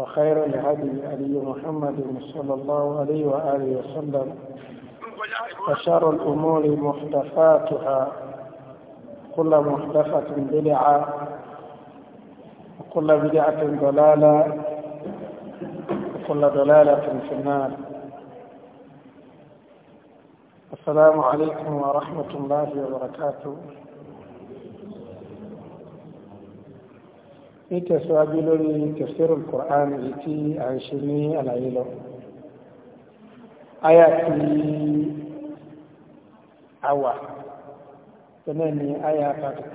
وخير الهدي هدي محمد صلى الله عليه وآله وسلم وشر الأمور محدثاتها كل محدثة بدعة وكل بدعة ضلالة وكل ضلالة في النار السلام عليكم ورحمة الله وبركاته nítẹ̀síwájú lórí tafsir al-Qur'an èyí tí a ń ṣe ní àlàyé lọ aya tí a wà tẹ́lẹ̀ ní aya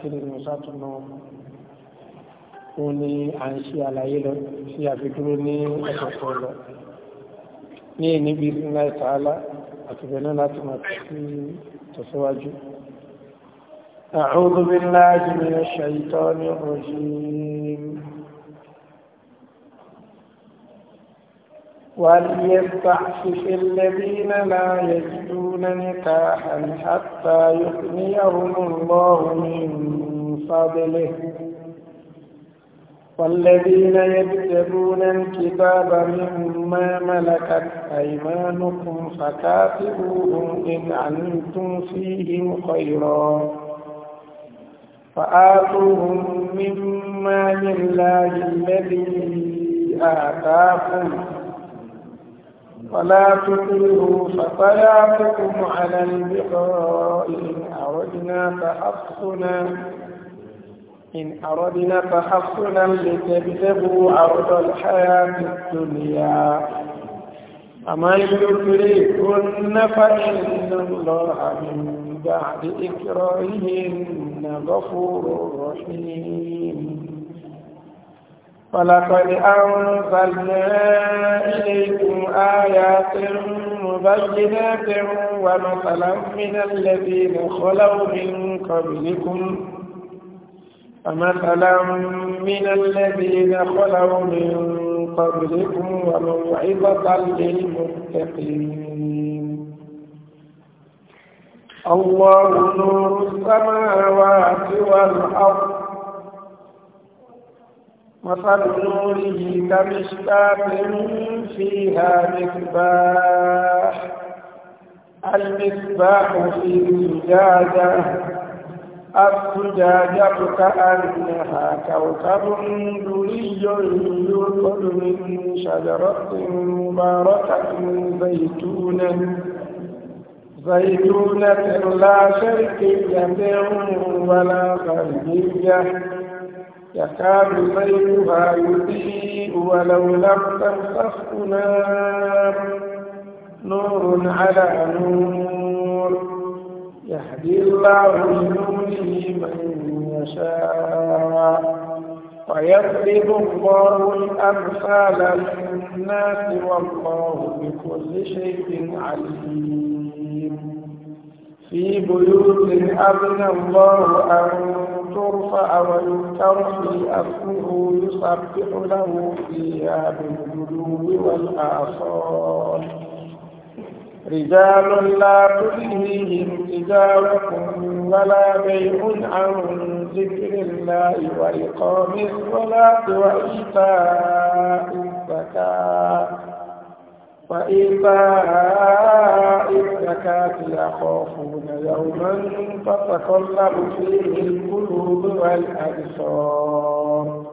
33 ní sátúnà òun ni a ń ṣe àlàyé lọ sí àfikúrú ní ẹ̀kọ́kọ́ lọ ní níbi ìsinmi ta'ala àti bẹ̀rẹ̀ láti máa tẹ̀síwájú أعوذ بالله من الشيطان الرجيم وليستعفف الذين لا يجدون نكاحا حتى يغنيهم الله من فضله والذين يبتغون الكتاب مما ملكت أيمانكم فكاتبوهم إن علمتم فيهم خيرا فآتوهم مما لله الذي آتاكم فلا تطيعوا فطلعتكم على البقاء إن أردنا فحفصنا إن أردنا فحفصنا لتبتغوا عرض الحياة الدنيا أما يدركن فإن الله من بعد إكراههن غفور رحيم ولقد أنزلنا إليكم آيات مبينات ومثلا من الذين خلوا من قبلكم ومثلا من الذين خلوا من قبلكم وموعظة للمتقين الله نور السماوات والأرض مثل كمشتاق فيها مصباح المصباح في زجاجة الزجاجة كأنها كوكب دري يوقد من شجرة مباركة زيتونة زيتونة لا شرقية ولا غربية يكاد زيتها يضيء ولو لم تنفخ نار نور على نور يهدي الله لنوره من يشاء ويضرب الله الأمثال للناس والله بكل شيء عليم في بيوت أذن الله أن ترفع ويذكر في أسمه يسبح له فيها بالغدو والآصال رجال لا تلهيهم تجارة ولا بيع عن ذكر الله وإقام الصلاة وإيتاء الزكاة وإيماء الزكاة يخافون يوما تتقلب فيه القلوب والأبصار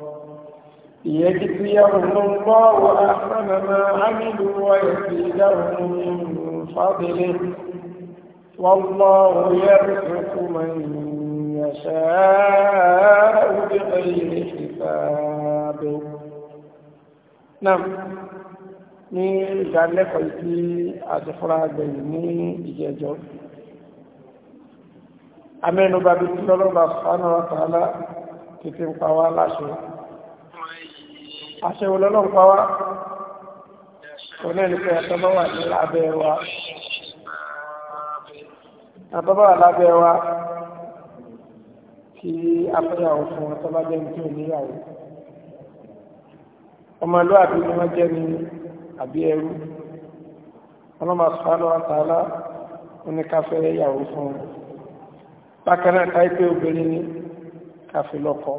ليجزيهم الله أحسن ما عملوا ويزيدهم من فضله والله يرزق من يشاء بغير حساب نعم ní ìdánilẹ́kọ̀ọ́ tí a ti fúnra gbẹ̀yìn ní ìjẹjọ́ amẹ́nubà bí tí lọ́lọ́bà sánà wátàlá títí ń pàwá láṣẹ àṣẹ olólọ́n pàwá onílẹ̀ pé àtọ́bọ̀ wà ní abẹ́ wa àtọ́bọ̀ wà lábẹ́ wa kí afẹ́yàwó fún ọtọ́bá jẹ́ ní tí ò níyàwó ọmọlúwàbí ni wọ́n jẹ́ ní àbí ẹrú ọlọ́mà sọ́lọ́ àtàlá oníkáfẹ́ ìyàwó fún un bákan náà káyí pé obìnrin ní káfí lọ́kọ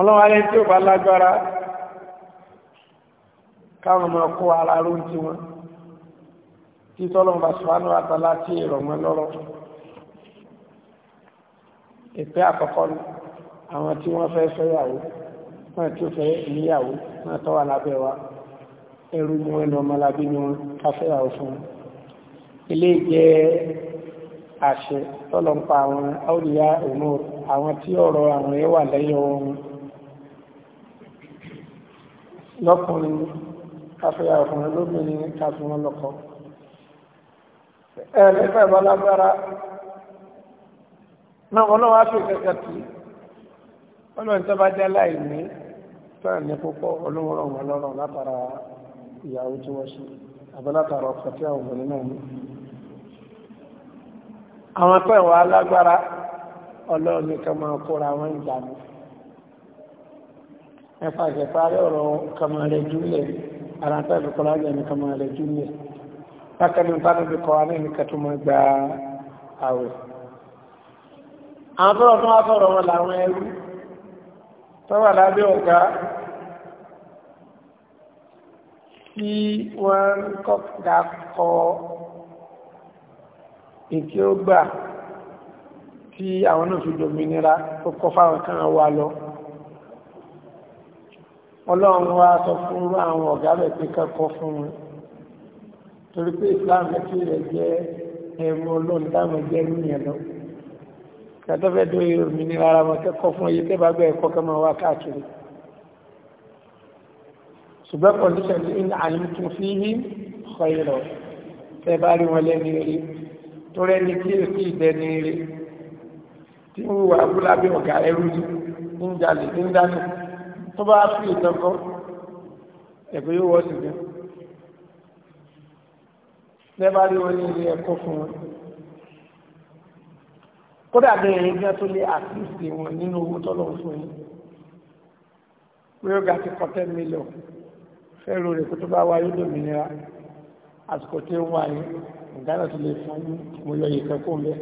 ọlọ́wà lẹ́yìn tí ó bá lágbára káwọn ọmọ kó ara ró ti wọn tí tọ́lọ́mà sọ́lọ́ àtàlá tí ìrọ̀mọ́ lọ́rọ̀ ìpẹ́ àkọ́kọ́ àwọn tí wọ́n fẹ́ fẹ́yàwó náà tí ó fẹ́ níyàwó náà tọ́wà lábẹ́ wa ẹrú ni wọ́n lọ ọmọlábí ni wọ́n káfẹ́yàwó fún wọn ilé jẹ́ àṣẹ tọ́lọ́mpa àwọn áwòrìyá òmùr àwọn tí ọ̀rọ̀ àwọn yẹn wà lẹ́yìn wọn lọ́kùnrin káfẹ́yàwó fún wọn lóbìnrin káfẹ́ wọn lọ́kọ ẹ̀ẹ́dẹ́gbẹ́ ìbálágbára náà ọlọ́wọ́ á fi kẹ̀kẹ́ tì ọlọ́run tó bá jẹ́ láì ní náà ní púpọ̀ olóhùnrọ̀ wọn lọ́rọ̀ látara ìyàwó tí wọ́n ṣe àbí látara ọkọ̀ tí àwọn obìnrin náà ní. àwọn tó ìwà alágbára ọlọ́run nìkan máa kóra wọn ìgbà mi ẹ̀fà ìṣẹ̀parí ọ̀rọ̀ kàmàlẹ̀ júlẹ̀ ara tó ìlú kọ́lá jẹ́ ní kàmàlẹ̀ júlẹ̀ bákan ní bánu bí kọ́ alẹ́ ní kẹtù máa gba àwẹ̀ àwọn tó lọ tó wá sọ̀rọ̀ wọn làwọn ẹrú tọ́wà lábẹ́ ọ̀gá tí wọ́n kọ́kà kọ ìkí ó gbà tí àwọn náà fi dominira tó kọ́ fáwọn kan wà lọ ọlọ́run wá sọ fún àwọn ọ̀gá rẹ̀ pé kẹ́kọ̀ọ́ fún wọn torí pé Islam ẹ̀kí rẹ̀ jẹ́ ẹ̀rọ ọlọ́run dáwọn jẹ́ níyẹn lọ́wọ́ kẹtọ́fẹ́ dórí òmìnira ara wọn kẹ́kọ̀ọ́ fún oyè tẹ́ bá gbẹ́ ẹ̀kọ́ kẹ́mọ̀ wá káàkiri ṣùgbọ́n condition in alimtum fihi khayra tẹ́ bá rí wọn lẹ́ni rí tó rẹ́ni kí èsì ìdẹni rí tí ń wà abúlábí ọ̀gá ẹrú ní ń jalè ní ń dáná tó bá fi ìtọ́kọ́ ẹ̀gbẹ́ yóò wọ́ sí bẹ́ẹ̀ tẹ́ bá rí wọn ní ilé fún wọn kódà bẹ́ẹ̀ ẹgbẹ́ tó lé àtúnṣe wọn nínú owó tọ́lọ́ fún yín rírọ́gà ti kọ́ ten million fẹ́rù rẹ̀ kó tó bá wáyé lómìnira àsìkò tí ó wáyé ìdáná tó lè fún mo yọ ìkan kó mẹ́.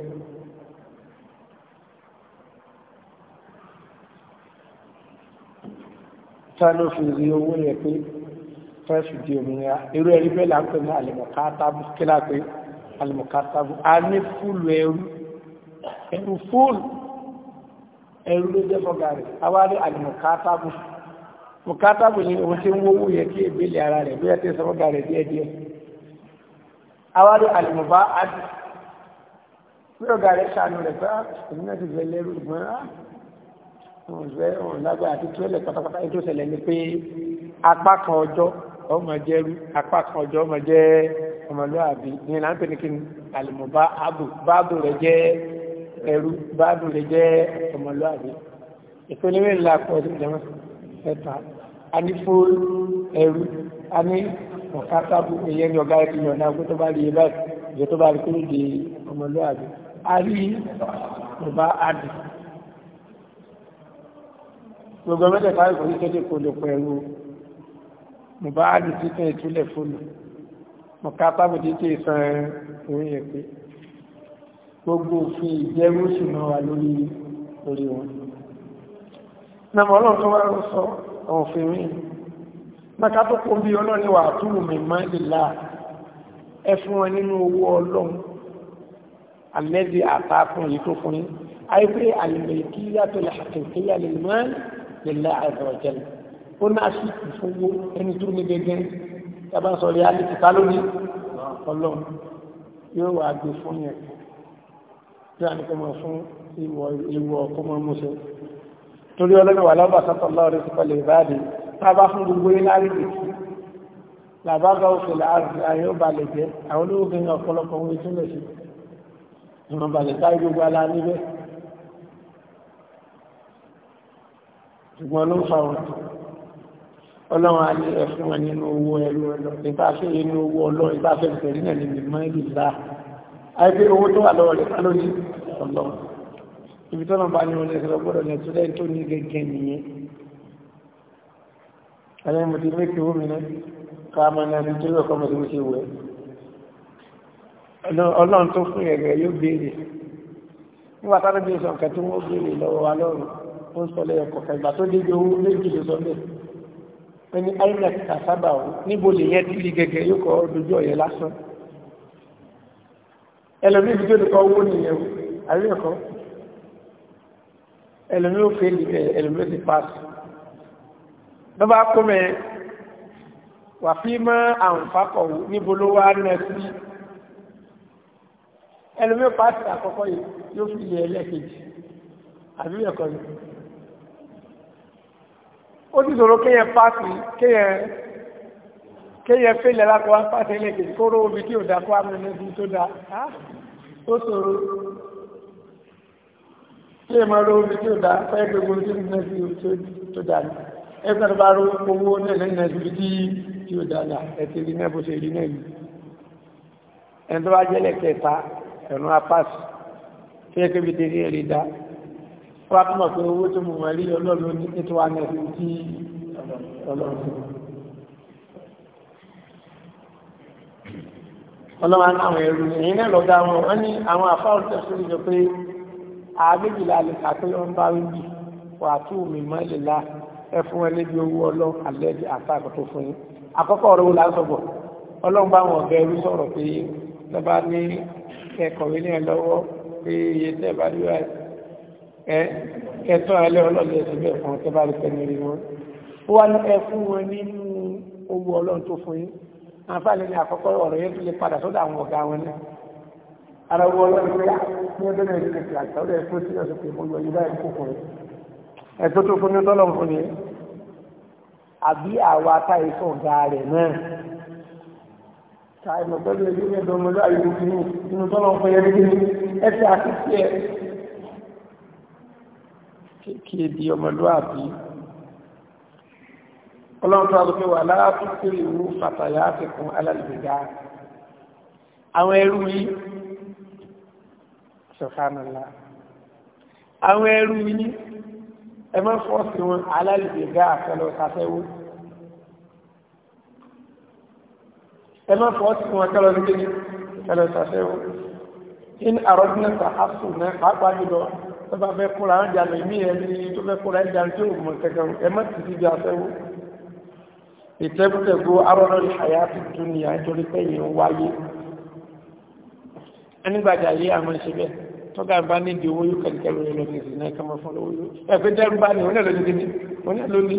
tá ló fi rí owó yẹ pé fẹ́ẹ̀sì di òmìnira irú ẹ̀rí bẹ́ẹ̀ là ń pè ní àlùmọ̀ká tábù kí lápé àlùmọ̀ká tábù a ní fúlù ẹrú ẹ̀rù fóònù ẹ̀rù ló jẹ́ fọ́gà rẹ̀ awárí àlùmọ̀kátàbù mọ̀kátàbù ni òun ti ń wówó yẹ kí èbélé ara rẹ̀ bí ẹ ti sọ fọ́gà rẹ̀ díẹ̀ díẹ̀ awárí àlùmọ̀bá adì bí ọ̀gá rẹ̀ ṣàánú rẹ̀ pé ah, èmi náà ti fẹ́ lẹ́rù ìgbọ́n á ah, wọn fẹ́ wọn lágbára àti túwẹ́lẹ̀ pátápátá ètò ìṣẹ̀lẹ̀ ni pé apá kan ọjọ́ ọmọ jẹ́rú apá kan ọjọ́ ọmọ jẹ́ ọmọlúwàbí ní ìlànà ní kí ni àlùmọ̀bá báàbù rẹ̀ jẹ́ ẹ̀rú báàdùn lè jẹ́ ọmọlúwàbí ìpele mẹ́rin la pọ̀ sí ìjọba ẹ̀ta a ní fún ẹ̀rú a ní ọ̀kátábù ìyẹn ní ọ̀gá ẹ̀kú yọ̀ọ̀dá kó tó bá rí ibà ìjọ tó bá rí kúrò di ọmọlúwàbí a rí ọba adì gbogbo mẹ́tẹ̀ẹ̀ta ìkọ̀ ní kéde kò lè pẹ̀lú mùbá adì títẹ̀ ìtúlẹ̀ fóònù ọ̀kátábù títẹ̀ ìsan orí ẹ̀pẹ́ gbogbo òfin ìjẹ́rú sì máa wà lórí lórí wọn nàmọ́ ọlọ́run tó wá ń sọ òfin rí maka tó kó bí ọlọ́run wà túrù mi máa lè là ẹ fún wọn nínú owó ọlọ́run alẹ́bí àtàkùn yìí tó fún yín àìpé àlùmẹ̀kí yàtọ̀ làkàkẹ́kẹ́yà lè má lè là àìbọ̀jẹ̀lẹ̀ ó ní àṣìkò fowó ẹni túrù mi gẹ́gẹ́ yàbá sọ rí alẹ́ kìtà lónìí ọlọ́run yóò wà gbé fún yẹn tí a ní kọmọ fún ìwọ̀ ọkọmọ mọ́sẹ̀ torí ọlọ́gbẹ̀wà lọ́bà sátọ̀lọ́ rẹ̀ sípẹ̀lẹ̀ ìbáàdì tábá fún gbogbo ilárí pẹ̀tì làbága òfin láàrín ayé ó balẹ̀ jẹ́ àwọn olóògbìn ọ̀pọ̀lọpọ̀ ohun ìtúnlẹ̀ sí ìmọ̀ balẹ̀ táyé gbogbo alá níbẹ̀ ṣùgbọ́n ló ń fa wọn ọlọ́run alẹ́ ẹ̀fún wọn nínú owó ẹlú ẹlọ ìbáfẹ́ ọlọ́ ìbáfẹ́ bẹ̀rẹ̀ náà ní ìlú láà àìpé owó tó wà lọ́wọ́ rẹ̀ lórí ọ̀lọ́ ibi tọ́nà bá ní olè ìṣẹ̀lẹ̀ gbọ́dọ̀ ní ẹ̀tún lẹ́yìn tó ní gẹ́gẹ́ nìyẹn ẹ̀yẹ́ mo ti mé kí wó mi ná ká máa ní ẹni tó yọ kọ́ mọ̀tí mo ṣe wẹ̀ ọlọ́run tó fún ẹ̀rẹ̀ yóò béèrè nígbà tá lóbi sọ nǹkan tí wọ́n béèrè lọ́wọ́ wa lọ́rùn ó ń sọ lẹ́yọ kọ̀ọ̀kan ìgbà tó débi owó méjì ló sọ bẹ́ẹ̀ ẹni inec kàsábà níbo lè yẹ tí gẹ́gẹ́ yóò kọ́ dojú ọ̀yẹ́ lásán ẹlòmí ibi tó dùkọ owó nìyẹn o àbí ẹ̀kọ́ ẹlòmí ó fẹ́ lè ẹlòmí ó ti paasi lọ́ba kọ́mẹ̀ wà fi mọ́ àǹfàkọ̀ níbo ló wá náà sí ẹlòmí paasi àkọ́kọ́ yìí yóò fi lè ẹlẹ́kejì àbí ẹ̀kọ́ yìí ó ti sọ̀rọ̀ kéèyàn paasi kéèyàn kéèyàn fẹ́lẹ̀ láti wá pàṣẹ lẹ́kẹ̀ kóró omi tí ò dákọ́ amúnú ibi tó dá ó ṣòro tí èèmọ̀ ró omi tí ò dá fẹ́ gbogbo tí ó nẹ́sí tó dá ní ẹgbẹ́ tó bá ró owó nílẹ̀ nẹ́sí ibi tí tí ò dá dá ẹ ti rí nẹ́bù ṣe rí nẹ́yìn ẹni tó bá jẹ́lẹ̀ kẹta ẹ̀rùn apáṣì tí ẹ kébi tẹ̀lé ẹ̀rí dá wọ́n á pé owó tó mọ̀ wọ́n rí ọlọ́run ní ètò àná ẹ̀sìn tí ọlọ́run ọlọ́wọ́ àwọn ẹrú èyí náà lọ́gá wọn wọ́n ní àwọn àfáwọn tó ṣe jọ pé àgbéjìlá lè kàpé wọn bá ń bì wà tú mi mọ́ ilé la ẹ fún ẹ lébi owó ọlọ́ alẹ́ di àfa àkọ́tọ̀ fún yín àkọ́kọ́ ọ̀rọ̀ wo la ń sọ̀bọ̀ ọlọ́run bá wọn ọ̀gá ẹrú sọ̀rọ̀ pé lọ́ba ní kẹkọ̀wé ní ẹ lọ́wọ́ pé iye tẹ́ bá rí wa ẹ kẹtọ́ alẹ́ ọlọ́dẹ àǹfààní ní àkọ́kọ́ ọ̀rọ̀ yẹn fi lè padà sọ́dọ̀ àwọn ọ̀gá wọn náà ara wọ ọlọ́run pé ah, ní ọdún náà ìdílé ti àgbà ọdún ẹ̀kọ́ sí ọ̀sẹ̀ pé mo yọ yìí báyìí kókò rẹ̀ ẹ̀tọ́ tó fún ní tọ́lọ̀ fún ni àbí àwa tá ìfọ̀ ọ̀gá rẹ̀ náà ta ìmọ̀ pẹ̀lú ẹbí ní ẹ̀dọ́ ọmọdé àyè òkú tọ́lọ̀ fún yẹn níbi ẹ ti àkíkí ẹ ọlọ́run tó wáṣọ pé wà láàtú pé ìwú fàtàyà àfikún alálùbẹ̀dá àwọn ẹrú yìí ṣọ̀fánàlá àwọn ẹrú yìí ẹ má fọ́ọ̀sì wọn alálùbẹ̀dá àfẹ́lọ́ sàfẹ́wó ẹ má fọ́ọ̀sì wọn kẹlọ́ ní kéde kẹlọ́ sàfẹ́wó in àrọ́dún náà sàhásù náà pàápàá jùlọ tó bá fẹ́ kóra ẹ̀jà lọ ìmí ẹ̀ tó fẹ́ kóra ẹ̀jà tó mọ̀ kẹ̀kẹ́ ẹ tìtì bí afẹ́wó ìtẹ́kùtẹ̀kù arọ́nà ìṣàyà tuntun ni àjọrí pẹ́yìn wáyé ẹnigbàjà yé àwọn ìṣẹ́bẹ̀ tọ́gà bá nídi owó yóò kẹ́kẹ́ lórí lọ́dún sí náà kọ́mọ fún owó yóò ẹ̀fẹ́ dẹ́rù bá ní onílẹ̀ lónìí ní onílẹ̀ lónìí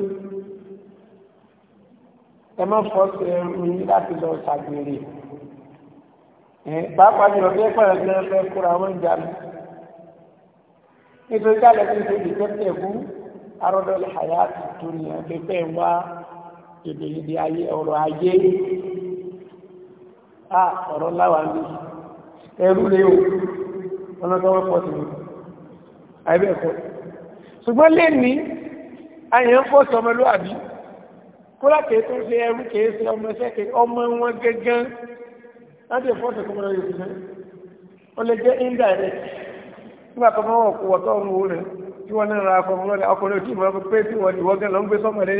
ẹ má fọ́ sí ẹrù yín láti lọ ṣàgbèrè pàápàá jùlọ bí èdè ìdí ayé ọ̀rọ̀ ayé à ọ̀rọ̀ láwà ní ẹrú lé o ọlọ́dọ́wọ́ pọ̀ sí mi àìbẹ̀ẹ̀kọ́ ṣùgbọ́n lè ní ayẹ̀ ń pọ̀ sí ọmọlúwàbí kó láti tó ṣe ẹrú kìí ṣe ọmọ ẹsẹ́kẹ̀ ọmọ wọn gẹ́gẹ́ láti ẹ̀fọ́ ṣẹ̀kọ́mọ́ rẹ̀ yìí ó lè jẹ́ indirect nígbà tó mọ́ ọ̀pọ̀ ọ̀tọ́ ọ̀run rẹ̀ tí wọ́n náà ra akọ̀mọ́lọ́dẹ ọkùnrin òkú ìmọ̀ pé tí wọ́n ìwọ́gẹ́ lọ ń gbé sọ́mọ̀ rẹ̀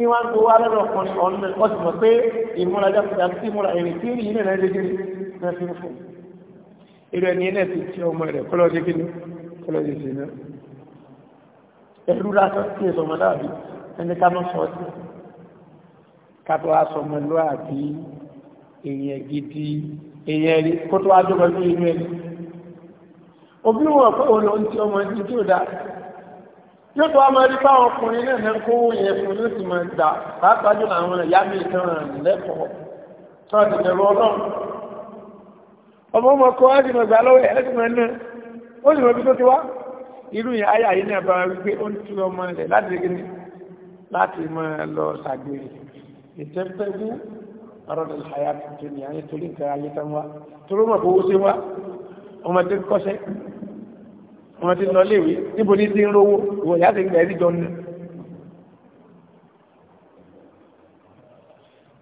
tí wọ́n gbó wá lọ́dọ̀ kan ọ̀nà ọ̀sì mọ̀ pé ìmúra jáfẹ́jà sí ìmúra ẹ̀rìn tí yìí náà lè gbé náà fi ń fún irú ẹni ẹ̀ ti tí ọmọ rẹ̀ kọ́lọ́ kí ni kọ́lọ́ ṣe ṣe náà ẹ̀rú lásán sí èso ọmọ dàbí ẹni ká mọ́ sọ sí kátó aṣọ ọmọ lọ àbí èèyàn gidi èèyàn rí kó tó wá dọ́gbọ́n ní ẹni obìnrin wọn kọ́ yóò tó a máa rí fáwọn ọkùnrin náà náà kó yẹn fún ní sì máa gbà pàápàá jùlọ àwọn ìyá mi kan ràn lẹ́kọ̀ọ́ tó a tètè rọ ọlọ́run ọmọ ọmọ kọ láti mọ̀ gbà lọ́wọ́ ẹ̀ láti mọ̀ ẹ̀ náà ó sì mọ̀ ibi tó ti wá irú yẹn ayé àyè náà bá wá wípé ó ń tú ọmọ rẹ̀ láti rí ni láti máa lọ ṣàgbére ìtẹ́pẹ́gbú ọ̀rọ̀dọ̀ ìṣàyà tuntun ni àyè torí nǹkan ayé tán wá torí mọ̀ kó wó sí wá ọmọdé wọn ti lọ léèwé níbo ní ti ń rówó ìwọ ìyá ti ń gbà ẹ́ síjọ ní.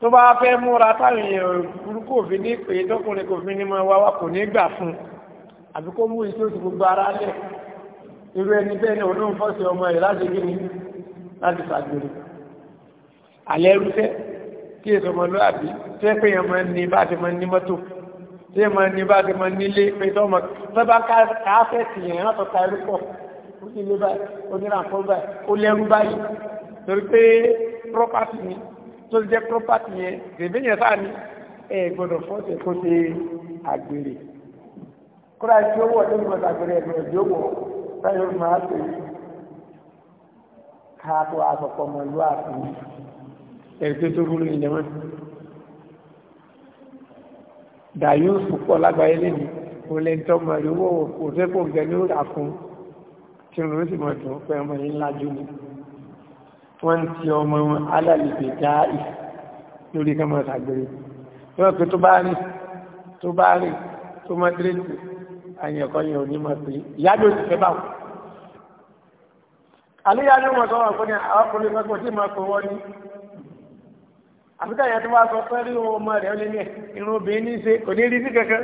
tó bá fẹ́ múra táwọn èèyàn burúkú òfin ní pé tọkùnrin kò fi ní máa wá wa kò ní gbà fún un àbí kó mú iṣẹ́ òsì gbogbo ara lẹ̀ irú ẹni bẹ́ẹ̀ ni òun fọ́sí ọmọ rẹ̀ láti gbé ní láti fàgbèrè àlẹ́ rúfẹ́ kí èso ọmọlúwàbí tẹ́ pé ọmọ ní bá ti mọ ní mọ́tò tí ẹ máa ní bá ti máa nílé pé tó mọ̀ tó bá káfẹ́ẹ̀tì yẹn látọ̀ ta ẹrú pọ̀ ó nílé báyìí onírànpọ̀ báyìí ó lẹ́rú báyìí torí pé property ni tó ti jẹ́ property yẹn bèbè yẹn sáà ní ẹ gbọ́dọ̀ fọ́ọ̀tì kó ṣe àgbèrè kúrò àti owó ọdún ìgbọ̀n àgbèrè ẹ̀gbọ̀n ìdí owó táyọ̀ máa pè é káàtó àsọ̀pọ̀ mọ̀lúwà fún ẹ̀rí tó tó dayos púpọ̀ lágbàáyé lẹ́nu olè ń tọ́mọ rẹ̀ owó òṣèpọ̀ gẹ̀ ní òrà fún tí wọ́n sì mọ̀ tó pé ọmọ yìí ńlá jù ní wọ́n ti ọmọ wọn alálìpẹ̀ dáì lórí kọ́mọ̀ sàgbèrè wọ́n pé tó bá rìn tó bá rìn tó mọ́ tírètì àyìn ẹ̀kọ́ yẹn ò ní mọ̀ pé ìyájọ́ òṣìṣẹ́ bá wọn. àlúyàjọ́ mọ̀ sọ́wọ́ mọ̀ pé wọ́n ní àfikà yẹn tó wá sọ pé rí ọmọ rẹ̀ lé ní irun obìnrin ní ṣe kò ní rí sí kankan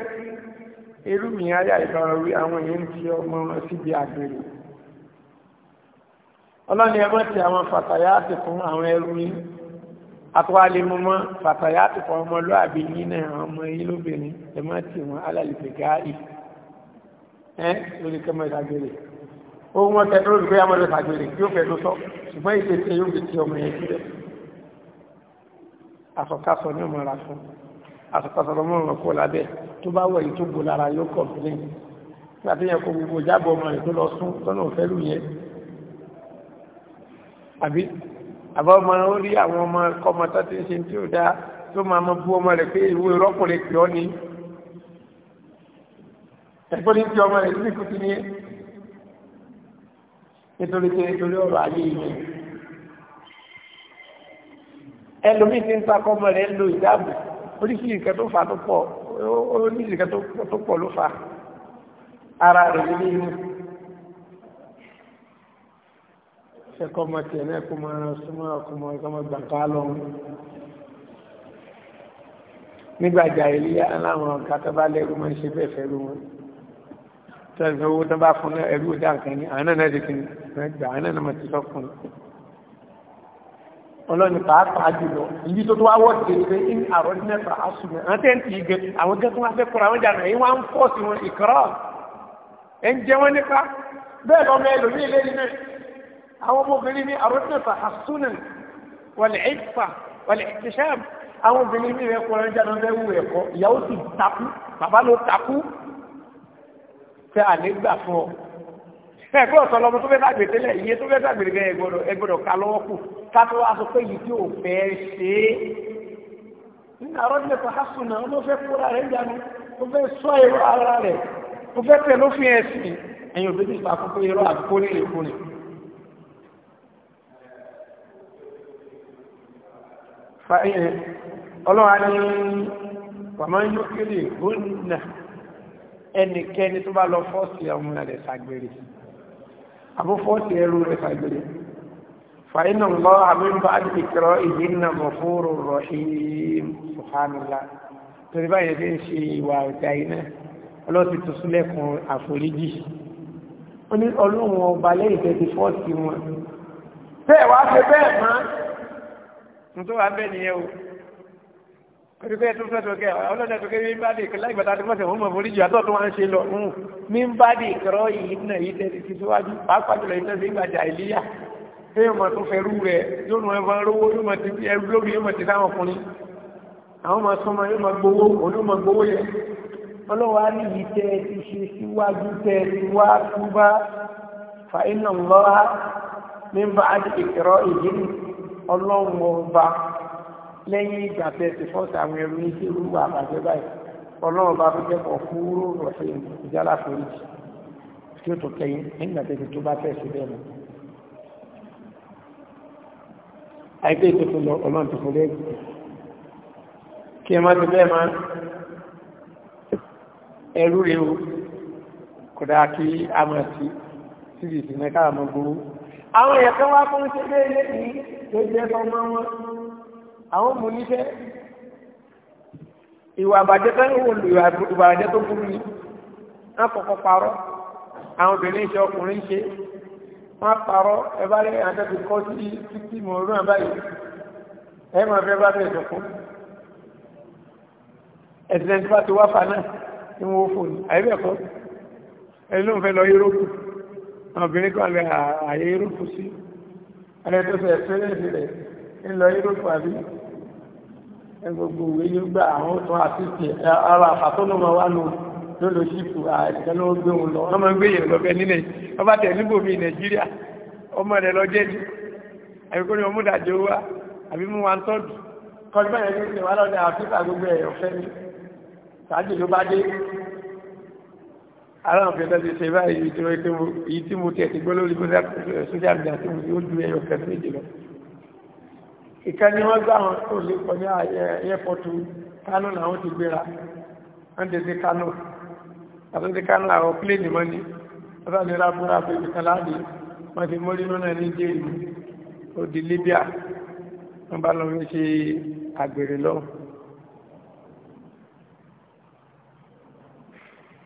irú mi ayé àìsàn rí àwọn èèyàn ń fi ọmọ wọn síbi àgbèrè ọlọ́ni ẹ mọ́tì àwọn fàtàyàtì fún àwọn ẹrú yín àtúwálẹ́mú mọ́ fàtàyàtì fún ọmọlúàbí yín náà àwọn ọmọ yín lóbìnrin ẹ mọ́tì wọn alàlùfẹ̀gá ì ẹ́ lórí kẹ́mọ́ ìdágbére ohun wọn lórí pé amọ̀lẹ́sàgbére yóò fẹ́ lótọ́ ṣùgbọ́n ìpèsè yóò fi ti ọmọ yẹn sílẹ̀ àsọkásọ ní ọmọ ara fún àsọkásọ lọmọ ọmọ kó lábẹ́ tó bá wọ èyí tó bò lára yóò kọ̀ọ̀pìlẹ̀ nígbà tó yẹ kó gbogbo jábọ̀ ọmọ rẹ̀ tó lọ sún lọ́nà òfẹ́ lù yẹn àbí àbọ̀ ọmọ ó rí àwọn ọmọ kọmọ tó ti ń ṣe tí ó dáa tó máa mọ bú ọmọ rẹ̀ pé ìwé rọ́kùnrin pè ọ́ ni ẹ̀gbọ́n ní ọmọ rẹ̀ nítorí pé nítorí ọ̀rọ̀ ayé yìí ẹlòmíì ti ń takọ ọmọ rẹ̀ lo ìdáàbò oríṣiríṣi nǹkan tó fà tó pọ̀ oríṣiríṣi nǹkan tó pọ̀ ló fà ara rẹ̀ ló ní inú. ẹ̀kọ́ ọmọ tiẹ̀ náà kó máa súnmọ́ ọkùnmọ́ ẹ̀kọ́ ọmọ gbàǹkà lọ́run nígbàjà ilé aláwọn ọ̀gá tó bá lẹ́rú máa ń ṣe bẹ́ẹ̀ fẹ́rú wọn tẹ́lifẹ̀ owó tó bá fún ẹrú ìdá nǹkan ní àánà náà ti kìnnì gbà àánà náà ti sọ fún un ọlọ́ni pàápàá jùlọ ibi tó tó wá wọ́ ti pé ní àròdínẹ́fà asùnmọ̀ àwọn tẹ́ ń tì í gẹ àwọn gẹ́gẹ́ wọn fẹ́ kọ́ra àwọn jà náà yín wọ́n á ń fọ́ sí wọn ìkọ́rọ̀ ẹ̀ ń jẹ́ wọn nípa bẹ́ẹ̀ lọ́mọ ẹ lòmí ìlérí náà àwọn ọmọbìnrin ní àròdínẹ́fà asùnmọ̀ wàlẹ̀ ẹ̀fà wàlẹ̀ ẹ̀tẹ̀sàm àwọn obìnrin ní ìrẹ́kọ́ bẹ́ẹ̀ bí ọ̀sán lọ́mọ tó fẹ́ dàgbé tẹ́lẹ̀ iye tó fẹ́ dàgbé gẹ́ ẹgbọ́dọ̀ ẹgbọ́dọ̀ ká lọ́wọ́ kù kátó wá sọ pé yìí tí ò fẹ́ ṣe é nínú àrọ́ ilẹ̀ tó hásùn náà ló fẹ́ kóra rẹ̀ jáde ó fẹ́ sọ èrò ara rẹ̀ ó fẹ́ tẹ̀ ló fi ẹ̀sìn ẹ̀yìn òbí ti sàkó pé irọ́ àkókò ní èkó ni. ọlọ́wà ni pàmò ń yókèrè ẹnikẹ́ni tó bá lọ fọ́ọ̀sì ọmọ rẹ̀ ṣàgbèrè sí àbó fọ́ọ̀tì ẹrú rẹ̀ fàgbélé fàyínà lọ àmìnbá àdìkìrọ ìyínà mọ̀fúrò rọ̀hìm sùhánilá torí báyìí fi ń ṣe ìwà ọ̀gá iná ọlọ́sì tó súnlẹ̀kùn àforíjì ó ní ọlọ́run ọba lẹ́yìn tẹ́tí fọ́ọ̀tì wọn bẹ́ẹ̀ wá ṣe bẹ́ẹ̀ mọ́ nítorí abẹ́ nìyẹn o oríkẹ́ tó fẹ́ tókẹ́ ọlọ́dẹ tókẹ́ ní bá dé láì bàtà tó mọ̀sẹ̀ wọ́n mọ̀ forí jù àtọ́ tó wá ń ṣe lọ ń ní bá dé kọ́rọ́ yìí náà yìí tẹ̀lé ti síwájú pàápàá jùlọ yìí tẹ̀lé ìgbàjà ìlíyà pé ọmọ tó fẹ́ rú rẹ̀ yóò nù ẹ̀fọn rówó yóò mọ̀ ti ẹrú lórí yóò mọ̀ ti sáwọn ọkùnrin àwọn ọmọ sọmọ yóò mọ̀ gbowó òun yóò gbowó yẹ lẹ́yìn ìgbà tẹ́ ti fọ́sà àwọn ẹrú ní sí irú àbàjẹ́ báyìí ọlọ́run bá fi kẹ́kọ̀ọ́ fúró rọ̀ṣẹ́ ìjálá foríjì tí ó tó kẹyìn nígbà tẹ́tí tó bá fẹ́ sí bẹ́ẹ̀ mọ́. àìpé tó fún ọlọ́run tó fún lẹ́yìn kí ẹ má ti bẹ́ẹ̀ máa ẹrú rẹ o kò dáa kí a máa ti síbi ìsìnkú káàmù gbowó. àwọn èèyàn wá fún ṣẹ́gbẹ́ ilé yìí tó jẹ́ fọmọ wọn àwọn mú níṣẹ́ ìwà àbàjẹ́ tó ń wò lù ìwà àbàjẹ́ tó burú ni wọ́n kọ́kọ́ parọ́ àwọn obìnrin ṣe ọkùnrin ṣe wọ́n parọ́ ẹ bá rí àtẹ́kù kọ́ sí títí mọ̀ orú àbáyé ẹ máa fẹ́ bá bẹ̀rẹ̀ sọ̀kún ẹ̀sìn ẹ̀sìn bá ti wá fa náà tí wọ́n fò ní àyẹ́bẹ̀kọ́ ẹni ló ń fẹ́ lọ yúróòpù àwọn obìnrin kan lè àyè yúróòpù sí ẹni tó fẹ́ ẹ̀sìn rẹ̀ ńlọ yúróòpù àbí gbogbo òwe yóò gbà àwọn tó àtúnṣe ara àtọ́nà máa wà nù lọ́lọ́ṣípù àìsàn ó gbé wọn lọ wọ́n máa ń gbé yẹn lọ́bẹ̀ nílẹ̀ wọ́n bá tẹ̀ níbòmí nàìjíríà ọmọ rẹ̀ lọ́jẹ́ ni àbíkó ni wọ́n mú dàjọ́ wá àbí mú wọn tọ́jú kọjúmọ́ yẹn ló ń wá lọ́dẹ àfíkà gbogbo ẹ̀yọ̀ fẹ́ mi ṣáájú ló bá dé àwọn ọ̀fẹ́ta ti ṣe báyìí tí mo tẹ̀ ti gbọ́ lórí social media tí mo ti ó ju ẹ̀yọ̀ fẹ́ méjì ìkan ni wọ́n gbá wọn tó lè kọjá ẹ̀yẹ́pọ̀tù kánò làwọn ti gbéra wọ́n ti dé kánò àti ti kánò àwọn pílẹ̀nì mọ́ ni wọ́n ti rà fúnra fún wọ́n ti mórí lónà ní jéèlì ó Libya wọ́n bá lọ fi ṣe àgbèrè lọ.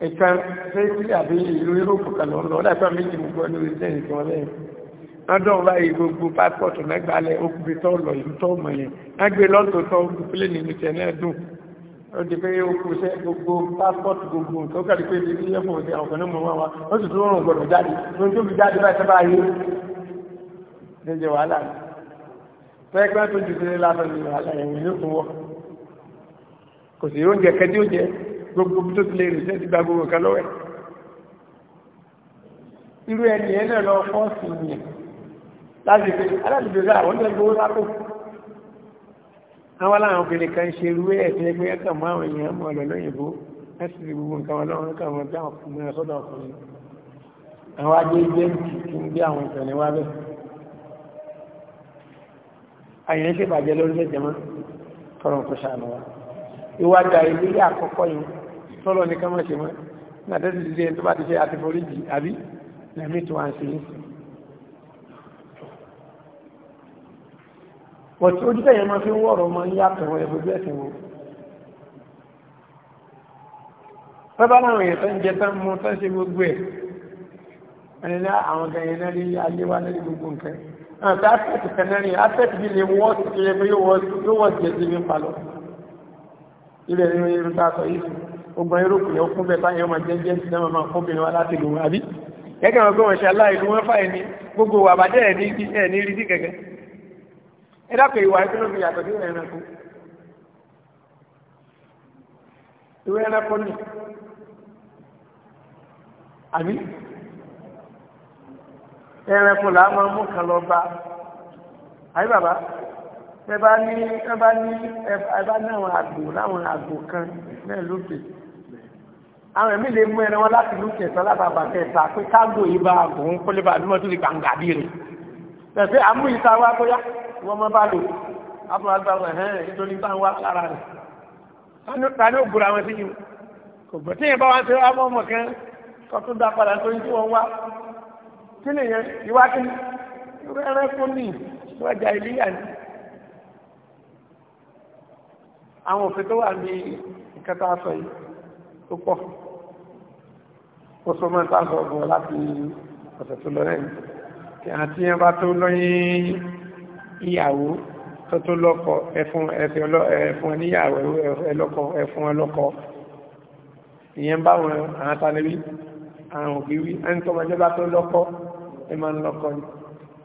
ìkan fẹ́ẹ́ sí àbí ìlú Yúróòpù kan lọ́wọ́ lọ́wọ́ dàgbà méjì mú gbọ́ ní orílẹ̀-èdè lọ́dọ̀ báyìí gbogbo pásítọ̀tù mẹ́gbàálẹ̀ okùnbí tó lọ ìlú tó mọ̀ yẹn lágbé lọ́tò tó ń pílẹ̀ nínú tẹ̀ náà dùn ó di pé ó kú sẹ́ gbogbo pásítọ̀tù gbogbo tó kàdí pé ibi yẹn fún ọ̀sẹ̀ ọ̀kan náà mọ̀ wá wa ó sì tún rọrùn gbọdọ̀ jáde lóun tó fi jáde báyìí sábà yé ṣẹjẹ wàhálà ni pẹ́ẹ́pẹ́ tó ju sílé lásán ni irú ẹni yẹn náà lọ fọ́ọ̀sì yẹn láti fi aláàlùbẹ̀rẹ̀ àwọn ilẹ̀ gbogbo lápò àwọn aláwọn obìnrin kan ṣe rú ẹ̀ tí ẹgbẹ́ ẹ̀kàn mọ́ àwọn èèyàn mọ́ ọ̀lọ́ lóyìnbó láti fi gbogbo nǹkan ọlọ́run kan mọ́ bí àwọn ọkùnrin sọ́dọ̀ ọkùnrin àwọn ajé gbé kí ń gbé àwọn ìtàn wá bẹ́ẹ̀ àyàn ṣe bàjẹ́ lórílẹ̀ jẹmọ́ tọrọ kò ṣàánú wa ìwà dà ilé àkọ́kọ́ yìí tọ́lọ ní ká mọ̀ ṣe mọ́ nígbà tó ti di ẹni tó bá ti ṣe àti foríjì àbí lẹ́mí tó wá ń ṣe pọ̀ tí ojú tẹ̀yẹ máa fi ń wọ̀rọ̀ máa ń yàtọ̀ wọn ẹ̀fọ́ bí ẹ̀sìn wọn. bábá láwọn èèyàn tó ń jẹ tán mú tán ṣe gbogbo ẹ̀ ẹni náà àwọn gẹ̀yìn náà rí alé wá lórí gbogbo nǹkan àti asẹ́ẹ̀tì kan náà rí asẹ́ẹ̀tì bí lè wọ́ọ̀sì tó yẹ pé yóò wọ́ọ̀sì jẹ́ sí mi palọ̀ ilẹ̀ nínú irú tá a sọ yìí ogun eróòpù yẹn fún bẹ́ẹ̀ báyẹn máa jẹ́jẹ́ ti náà máa fún obìnrin wa láti lò wọn àbí gẹ́gẹ́ wọn gbé aláìlú wọn fáìní ẹ dákun ìwà ẹgbẹ́ lómi yàtọ̀ sí ìwà ẹranko ìwà ẹranko ni àbí ẹranko là á máa mú kan lọ bá baba, bàbá ẹ bá ní ẹ bá ní ẹ bá ní àwọn àgbò láwọn àgbò kan náà lókè àwọn ẹ̀mí lè mú ẹran wọn láti lókè sọ lábàbà kẹta pé kágò yìí bá àgùn kólébà àdúmọ̀ tó lè gbàǹgà bí rẹ̀ tẹ̀sí àmúyíta wá bóyá wọ́n mọ́ bá lò ápùn àgbàwọ̀ ẹ̀hẹ́n nítorí bá ń wá lára rẹ̀ ta ní ògbúra wọn sí yìí kò gbọ́ tí yẹn bá wá sí ọmọ ọmọ kan kọ́ tó dá padà tó ń tí wọ́n wá kí ni yẹn ìwá kí ni ìwé ẹranko ìyàwó tó tó lọ́kọ ẹfún ẹfún níyàwó ẹlọ́kọ ẹfún ọlọ́kọ ìyẹn báwọn àwọn tanibí àwọn òbí wí ẹni tó mọjọ́ bá tó lọ́kọ ẹ máa ń lọ́kọ ni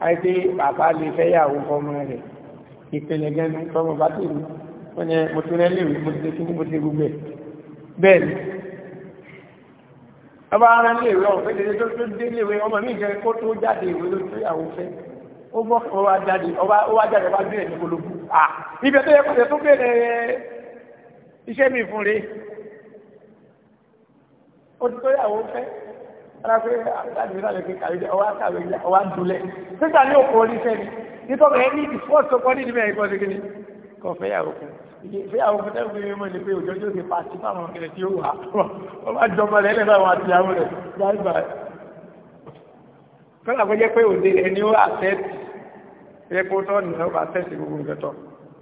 àìsí bàbá lè fẹ́ yàwó fọmọ rẹ̀ ìpìlẹ̀ gẹ́nu fọmọ bá tèmi wọ́n yẹ mo ti rẹ́ léwu mo ti ṣe kíní mo ti gbogbo ẹ̀ bẹ́ẹ̀ ni ọba ara léwu ọ̀fẹ́ tètè tó dé léwu ọmọ mi jẹ́ kó tó jáde ó bọ́ ó wá jáde ó wá jáde wá bí ẹ̀yìn ológun a ibi tó yẹ kó tẹ̀ tó bèrè iṣẹ́ mi fún rè ó ti tó yàwó fẹ́ alágbé àgbàdo ìlànà kékeré àrídẹ ọwọ́ àkàwé ọwọ́ àdúlẹ̀ sísà ní òkú orí iṣẹ́ ni nítorí ẹni ìfọ́ọ̀sì tó kọ́ ní ìdíbẹ̀ ẹ̀kọ́ sí kíni kọ́ fẹ́yàwó fún fẹ́yàwó fún tẹ́wọ́ fún mímọ́ ni pé òjòjò ti pa sí fáwọn ọ̀kẹ́rẹ́ tí ó wà ó bá jọmọ rẹ̀ lẹ́nu àwọn àtìyàwó rẹ̀ láìpẹ́ kọ́nà kó jẹ́ pé òde ẹni ó àfẹ́ẹ̀tì epo tọ́ ní ọba tẹ́sì gbogbo ìgbẹ̀tọ̀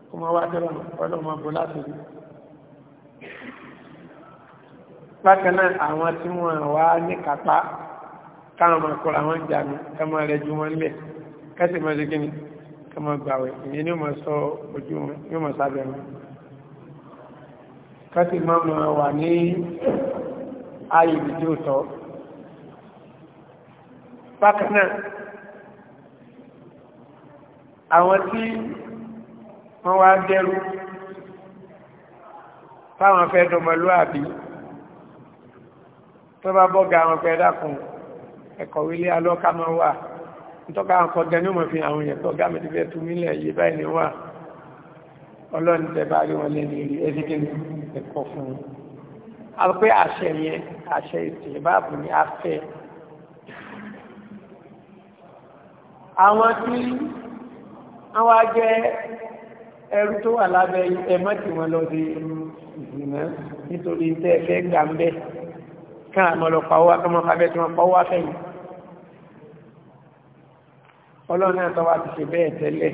kó mọ́ wá tẹ́lọ̀ ọlọ́mọ bò láti rí bákan náà àwọn tí wọ́n wá ní kápá káwọn máa kọ́ra wọn jàmí ká máa rẹ ju wọn lẹ̀ kẹ́sì máa ṣe kíni ká máa gbàwẹ̀ ìyẹn ni máa sọ ojú wọn yóò máa sábẹ̀ wọn kẹ́sì máa máa wà ní ayé ìdíjọ́ tọ́ bákan àwọn tí wọ́n wá dẹ́rú fáwọn fẹ́ dọmọlúàbí tó bá bọ́gà àwọn fẹ́ dákun ẹ̀kọ́ wílé alọ́ká máa wà nítọ́ka àwọn kọjá ní òmò fi àwọn èèyàn tó gámi ti fẹ́ tú nílẹ̀ yìí báyìí ni wà ọlọ́ni tẹ́bà rí wọn lẹ́nu rí ẹ́sìkí ẹ̀kọ́ fún un alùpẹ́ àṣẹ yẹn àṣẹ ìsìn báàbù ni a fẹ́ àwọn tí àwọn ajẹ́ ẹrú tó wà lábẹ́ ẹmọ́ tí wọ́n lọ sí ìsìnà nítorí tẹ́ ẹgbẹ́ gbà ń bẹ́ káà mọ́ lọ pàwọ́ akọ́mọ́ fàbẹ́ tí wọ́n pàwọ́ afẹ́yìn ọlọ́run àtọ́ wa ti ṣe bẹ́ẹ̀ tẹ́lẹ̀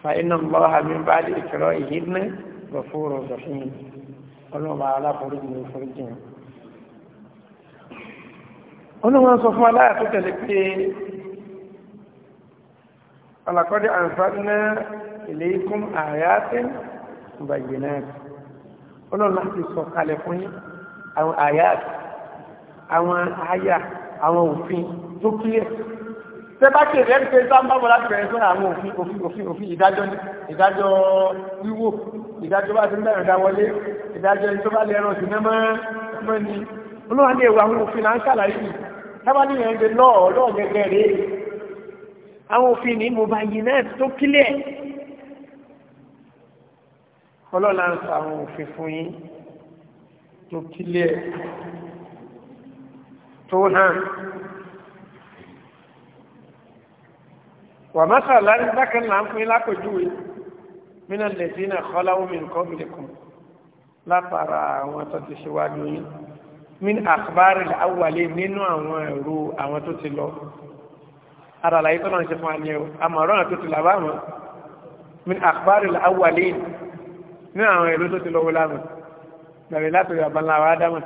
fàínà lọ́ àmì bá lè kẹrọ èyí ní gọ̀fúrò gọ̀fún ọlọ́run aláforíjì ní foríjì wọn. ọlọ́run sọ fún aláàtúntẹ̀lẹ̀ pé ọlọ́kọ́dé àǹfààní ilaykum àyàtìn bayyinat ọlọ́run láti sọ kalẹ̀ fún yín àwọn àyàt àwọn àyà àwọn òfin tó kílẹ̀ tẹ́bákì rẹ̀ ń pe sáńbà bọ̀ láti bẹ̀rẹ̀ sọ́nà àwọn òfin òfin òfin òfin ìdájọ́ ìdájọ́ wíwò ìdájọ́ bá ti ń bẹ̀rẹ̀ dá wọlé ìdájọ́ ẹni tó bá lè ẹran sí mẹ́mọ́ mẹ́ni olóhàn lè wọ àwọn òfin là ń ṣàlàyé yìí tábà níyẹn ń gbé lọ́ọ̀ lọ́ọ̀ gẹ́gẹ́ rèé àwọn òfin ní mubayinat tó kílẹ̀ ọlọ́la ń sọ àwọn òfin fún yín tó kílẹ̀ tó hàn wà mọ́sàlá ní bákan là ń fún yín lápèjúwe mínà lẹ́sìnà kọ́láwó mi nǹkan mi lẹ́kùn àwọn tó ti ṣíwájú yín min akhbaril awwalin nínú àwọn ẹ̀rù àwọn tó ti lọ ara àlàyé tó náà ṣe fún àníyàn àmọ̀ràn tó ti làbá mọ́ min àkbárì àwàlẹ́ ní àwọn ìlú tó ti lọ́wọ́ lámọ̀ bẹ̀rẹ̀ láti ìyàbá ńlá wa dámọ̀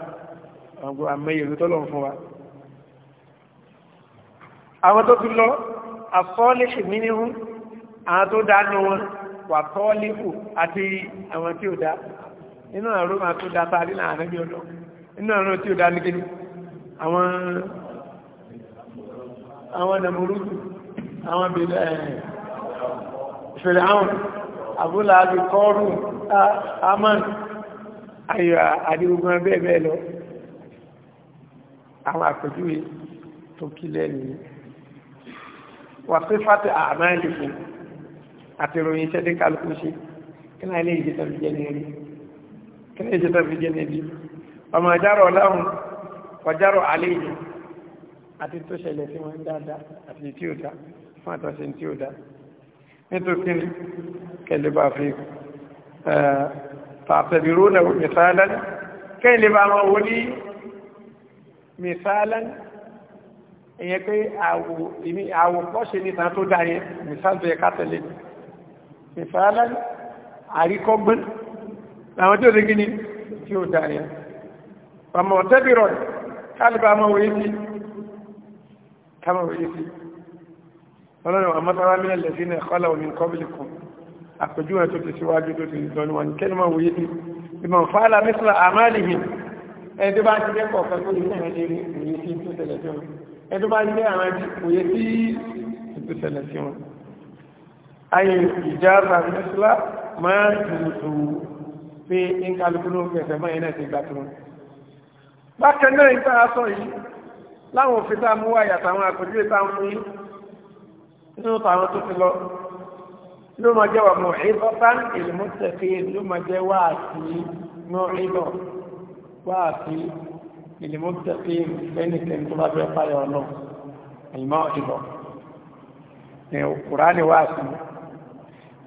àwọn àmọ́yè ìlú tó lọ fún wa àwọn tó ti lọ àfọ́lẹ̀ ìmínihù àwọn tó dánú wọn wà tọ́lẹ̀kù àti àwọn tí ó dá inú àrùn àti ó dá sáré àwọn nàmúrúdù àwọn ìfẹ̀rẹ̀ àwọn àbúlà àbíkọ́rù amán ayọ̀ àdígbùgbọ́n bẹ́ẹ̀ bẹ́ẹ̀ lọ àwọn àpẹjúwe tó kí lẹ́nu wà pé fàtí àmáìlì fún àti ìròyìn iṣẹ́ dé kálukú ṣe kí náà ilé ìjẹta fi jẹ́ nìrí kí náà ìjẹta fi jẹ́ nìrí ọmọ ìjárọ̀ ọlọ́run ọjárọ̀ àlejò àti tó ṣẹlẹ̀ sí wọn dáadáa àti tí ó dá fún àtọ́sí tí ó dá nítorí kẹlẹ́bà fi tàbẹ̀bìrú na mìsáàlán kẹlẹ́bà wọn wọ́n ní mìsáàlán ìyẹn pé àwò pọ́ṣe ní tàn tó dá yẹn mìsáàlẹ̀ kátẹ̀lẹ̀ mìsáàlán àríkọ́gbọ́n àwọn tí ó dé gíní tí ó dá yẹn pàmọ̀ tẹ́bìrọ̀ kálíbà mọ̀ wọ́n yìí táwọn òye sí ọlọ́run àmọ́tara mílẹ̀ lẹ́sí ní ẹ̀kọ́lá omi kọ́bìlì kan àpèjúwe tó ti síwájú tó ti lọ́nu wọn kẹ́ni máa wòye sí ìmọ̀ fàálà mísìlá àmàlìhì ẹni tó bá ti jẹ́ kọ̀ọ̀kan tó yẹ ẹni rí òye sí tó tẹ̀lẹ̀ sí wọn ẹni tó bá jẹ́ àwọn láwọn òfin tá a mú wáyà táwọn àpèjúwe tá a mú yín nínú táwọn tó ti lọ ló máa jẹ́ wà mọ̀ ìbọ̀ bá ìlú tẹ̀fẹ́ ló máa jẹ́ wà sí mọ̀ ìbọ̀ wà sí ìlú tẹ̀fẹ́ lẹ́nìkan tó bá fẹ́ fáyọ̀ náà ìmọ̀ ìbọ̀ ní Kùránì wà sí.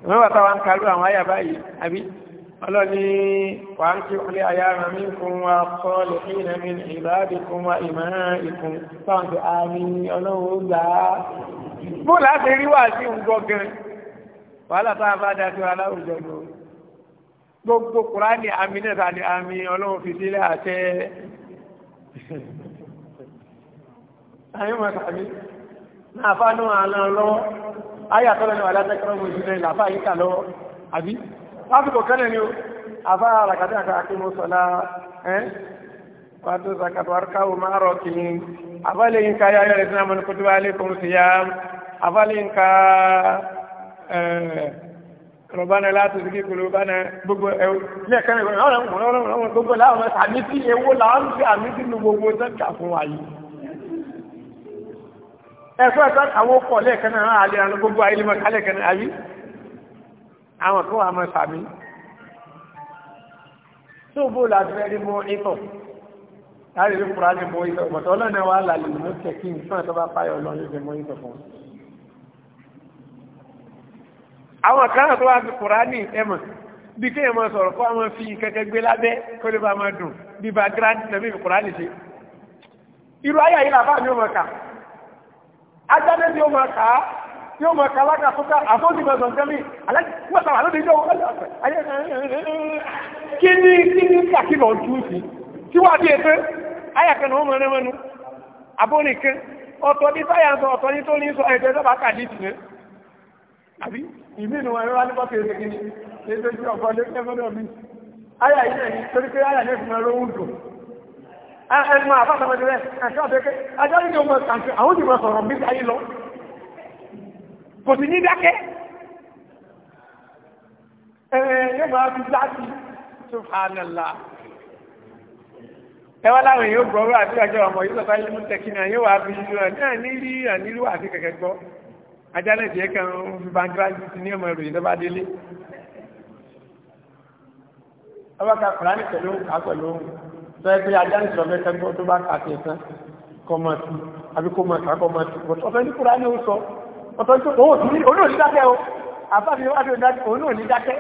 ìmọ̀ bàtà wa ń kalú àwọn àyà báyìí àbí ọlọ́ni wà ń kí ọlé ayára mi fún wa kọ́ lè fi ìrìn mi ìbáàdì fún wa ìmọ̀ràn ìkùn sáàǹtì àmì ọlọ́run gbà á. bó láti rí wà sí nǹkan gan wàhálà tá a bá dá sí aláwùjọ lò gbogbo kùránì àmì nẹ́ta ni àmì ọlọ́run fi sílẹ̀ àtẹ ayé wọn tàbí lásìkò kẹ́lẹ̀ ni ó àfáà àràkàtà àkàkí mo sọ̀lá ẹ́ pàtó zakatu arkawo máa rọ̀ kìíní àfáàlẹ̀ yín ká yáyọ̀ rẹ̀ sínú àmọ́ni kótó wálé kò ń sì yá àfáàlẹ̀ yín ká rọ̀bánà láti sìkì kúló bánà gbogbo ẹ̀wọ̀ ní ẹ̀ka ní ọ̀rọ̀ gbogbo láwọn àmì sí ewu làwọn fi àmì sínú gbogbo sẹ́kà fún wa yìí ẹ̀fọ́ ẹ̀ka àwọn ọkọ̀ lẹ́ẹ̀kan náà àlẹ́ àná gbogbo ayélujára kálẹ̀ náà àbí àwọn kan wà mọ́ sàmí tó bó láti rẹ̀ rí mọ́ ìtọ̀ láti rí kúrò ní mọ́ ìtọ̀ bọ̀tọ̀ ọlọ́nà wà lálẹ́ ìlú kẹ̀kí fún ẹ̀tọ́ bá fáyọ̀ lọ ní mọ́ ìtọ̀ fún àwọn kan tó wá fi kúrò ní ẹmọ̀ bí kí ẹmọ sọ̀rọ̀ kó bá ní ṣe irú ayé ayé làbá ká yóò máa ka alága fúnka àfọ́sí gbọ̀ngàn nǹkan mi aláìsíwọ̀sán àlóde kí ni kí ni kàkìlọ̀ ojú sí tí wàá bí ẹgbẹ́ ayàkẹ́ ni wọ́n mọ̀ ẹrẹ́mọ́nu abónìkan ọ̀tọ̀ ní báyà ọ̀tọ̀ ní tó ní sọ ẹ̀jẹ̀ sábà kàdí ìtìlẹ̀ àbí ìmínú ẹ̀rọ àwọn sọ̀rọ̀ kò sí ní dákẹ́ ẹ̀ẹ́dẹ́ máa fi láti subhanallah ẹwà láwọn èèyàn gbọ́ wá àti àjọ ọmọ yìí sọ̀tà yìí mú tẹ̀kínà yóò wá fi ìṣúra náà nírí ànílù àti kẹ̀kẹ́ gbọ́ ajálẹ̀ tiẹ̀ kan fi bangladesh ti ní ọmọ ìròyìn lọ́ba délé ọba ka kùránì pẹ̀lú ká pẹ̀lú sọ pé ajá ń sọ mẹ́tẹ́gbọ́ tó bá kà sí ẹ̀sán kọ́ mọ̀ sí àbí kó mọ̀ ká kọ́ mọ̀ sí ọ̀fẹ́ ní kùránì ó sọ ọ̀tọ̀ tó owó tí olóòní dákẹ́ o àfáàfin wá sí olóòní dákẹ́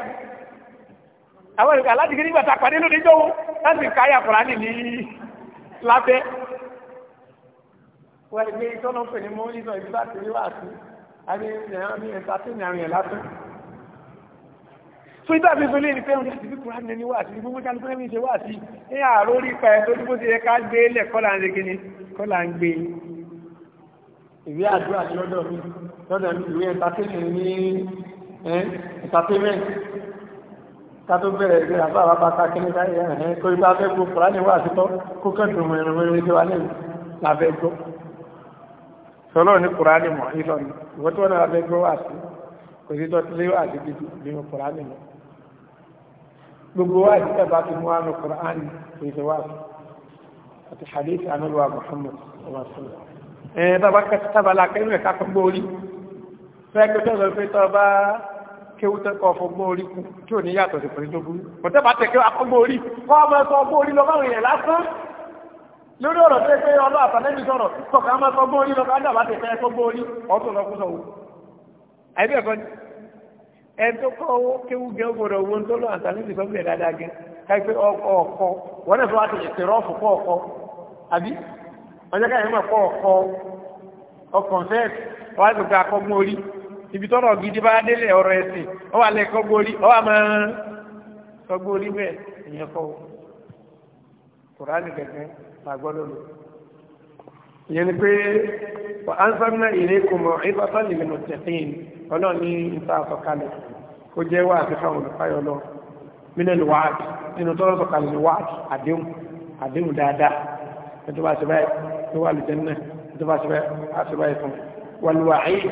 àwọn ìrìnkà láti gírí gbàtà pàdé lórí jọ́wọ́ láti káyà kùránì ní lábẹ́ wọ́n ìgbé ìtọ́nà pè ní mọ́ nígbà ìgbà tí wà sí àmì ìrìnàmì ẹ̀ta tí ìrìnàmì ẹ̀ lásán so ìgbà mi fẹ́lé ní pẹ́rún láti bí kùránì ní wà sí gbogbo kálukú ẹ̀mí ṣe wà sí ní àrò rí pa ẹ̀ tó dúró ti yẹ ká gbé lẹ̀ kọ́là ń gbé ìwé àdúrà ní lọ́dọ̀ mi lọ́dọ̀ mi ìwé entertainment ní entertainment ká tó bẹ̀rẹ̀ ìgbé àbá àbá ká kí ní káyé ẹ̀hẹ́ kó ibá fẹ́ gbó fúra ní wà títọ́ kó kẹ́dùn mọ̀ ẹ̀rọ mẹ́rin tí wà lẹ́yìn lábẹ́ gbó sọlọ́ ní kúrá ní mọ̀ ìlọ ni ìwọ tí wọ́n náà lábẹ́ gbó wà sí kò sí tọ́tí lé wà sí gidi nínú kúrá hadith anúlùwà Muhammad sallallahu alaihi ẹ̀ bàbá tábàlà kẹ́rù ẹ̀ká fún gbóòrí fẹ́ẹ̀kẹ́tọ́ lọ pé tọ́ bá kéwú tẹ́kọ̀ fún gbóòrí kú tí o ní yàtọ̀ sí pẹ̀lú gbóòrí kò tẹ́bà tẹ́kẹ́ fún gbóòrí kọ́ ọmọ ẹ̀kọ́ gbóòrí lọ báwọn èèyàn lásán lórí ọ̀rọ̀ tẹ́ pé ọlọ́ àtàlẹ́bí sọ̀rọ̀ tọ́ka máa sọ gbóòrí lọ káńdà bá tẹ̀kẹ́ ẹ̀kọ́ gbóòrí ọ̀tún lọ kú sọ̀wọ́ àìbí ẹ̀kọ́ ni ẹ tó kọ́ kéwú gẹ́ gbọ́dọ̀ owó tó lọ àtàlẹ́bí sọ́gbìn dáadáa gẹ́ káyipẹ́ ọkọ̀ ọ̀kọ́ wọ́n náà tó wá ti ṣèrọ́ọ̀fù kọ́ ọ̀kọ́ àbí ọjọ́ káyọ̀ nígbà pọ̀ ọkọ ọkàn sẹ́ẹ̀t ọwọ́ àgbègbè akọgbọ́n orí ibi tọ́rọ̀ gidi bá délé ọ̀rọ̀ ẹ̀sìn ọwọ́ alẹ́ kọgbọ́n orí ọwọ́ àmọ́ kọgbọ́n orí bẹ́ẹ̀ ìyẹn kọ́ kùránì kẹ̀kẹ́ làgbọ́dọ̀ lò ìyẹn ni pé ansana ìrẹ́kùnmọ̀ ìfọ́sọ́ nílẹ̀ mọ̀tẹ́fín ọlọ́ọ̀ni ìta àsọ̀kalẹ̀ kó jẹ́ wá àti fáwọn olùfáyọ̀ lọ mílíọ̀nù wáàdì nínú tọ́lọ́sọ̀kalẹ̀ ni wáàdì àdéhùn àdéhùn dáadáa ẹ̀tọ́ bá ti báyìí tó wà lùjẹ́nà tó bá ṣe báyìí fún wàlúwàáyì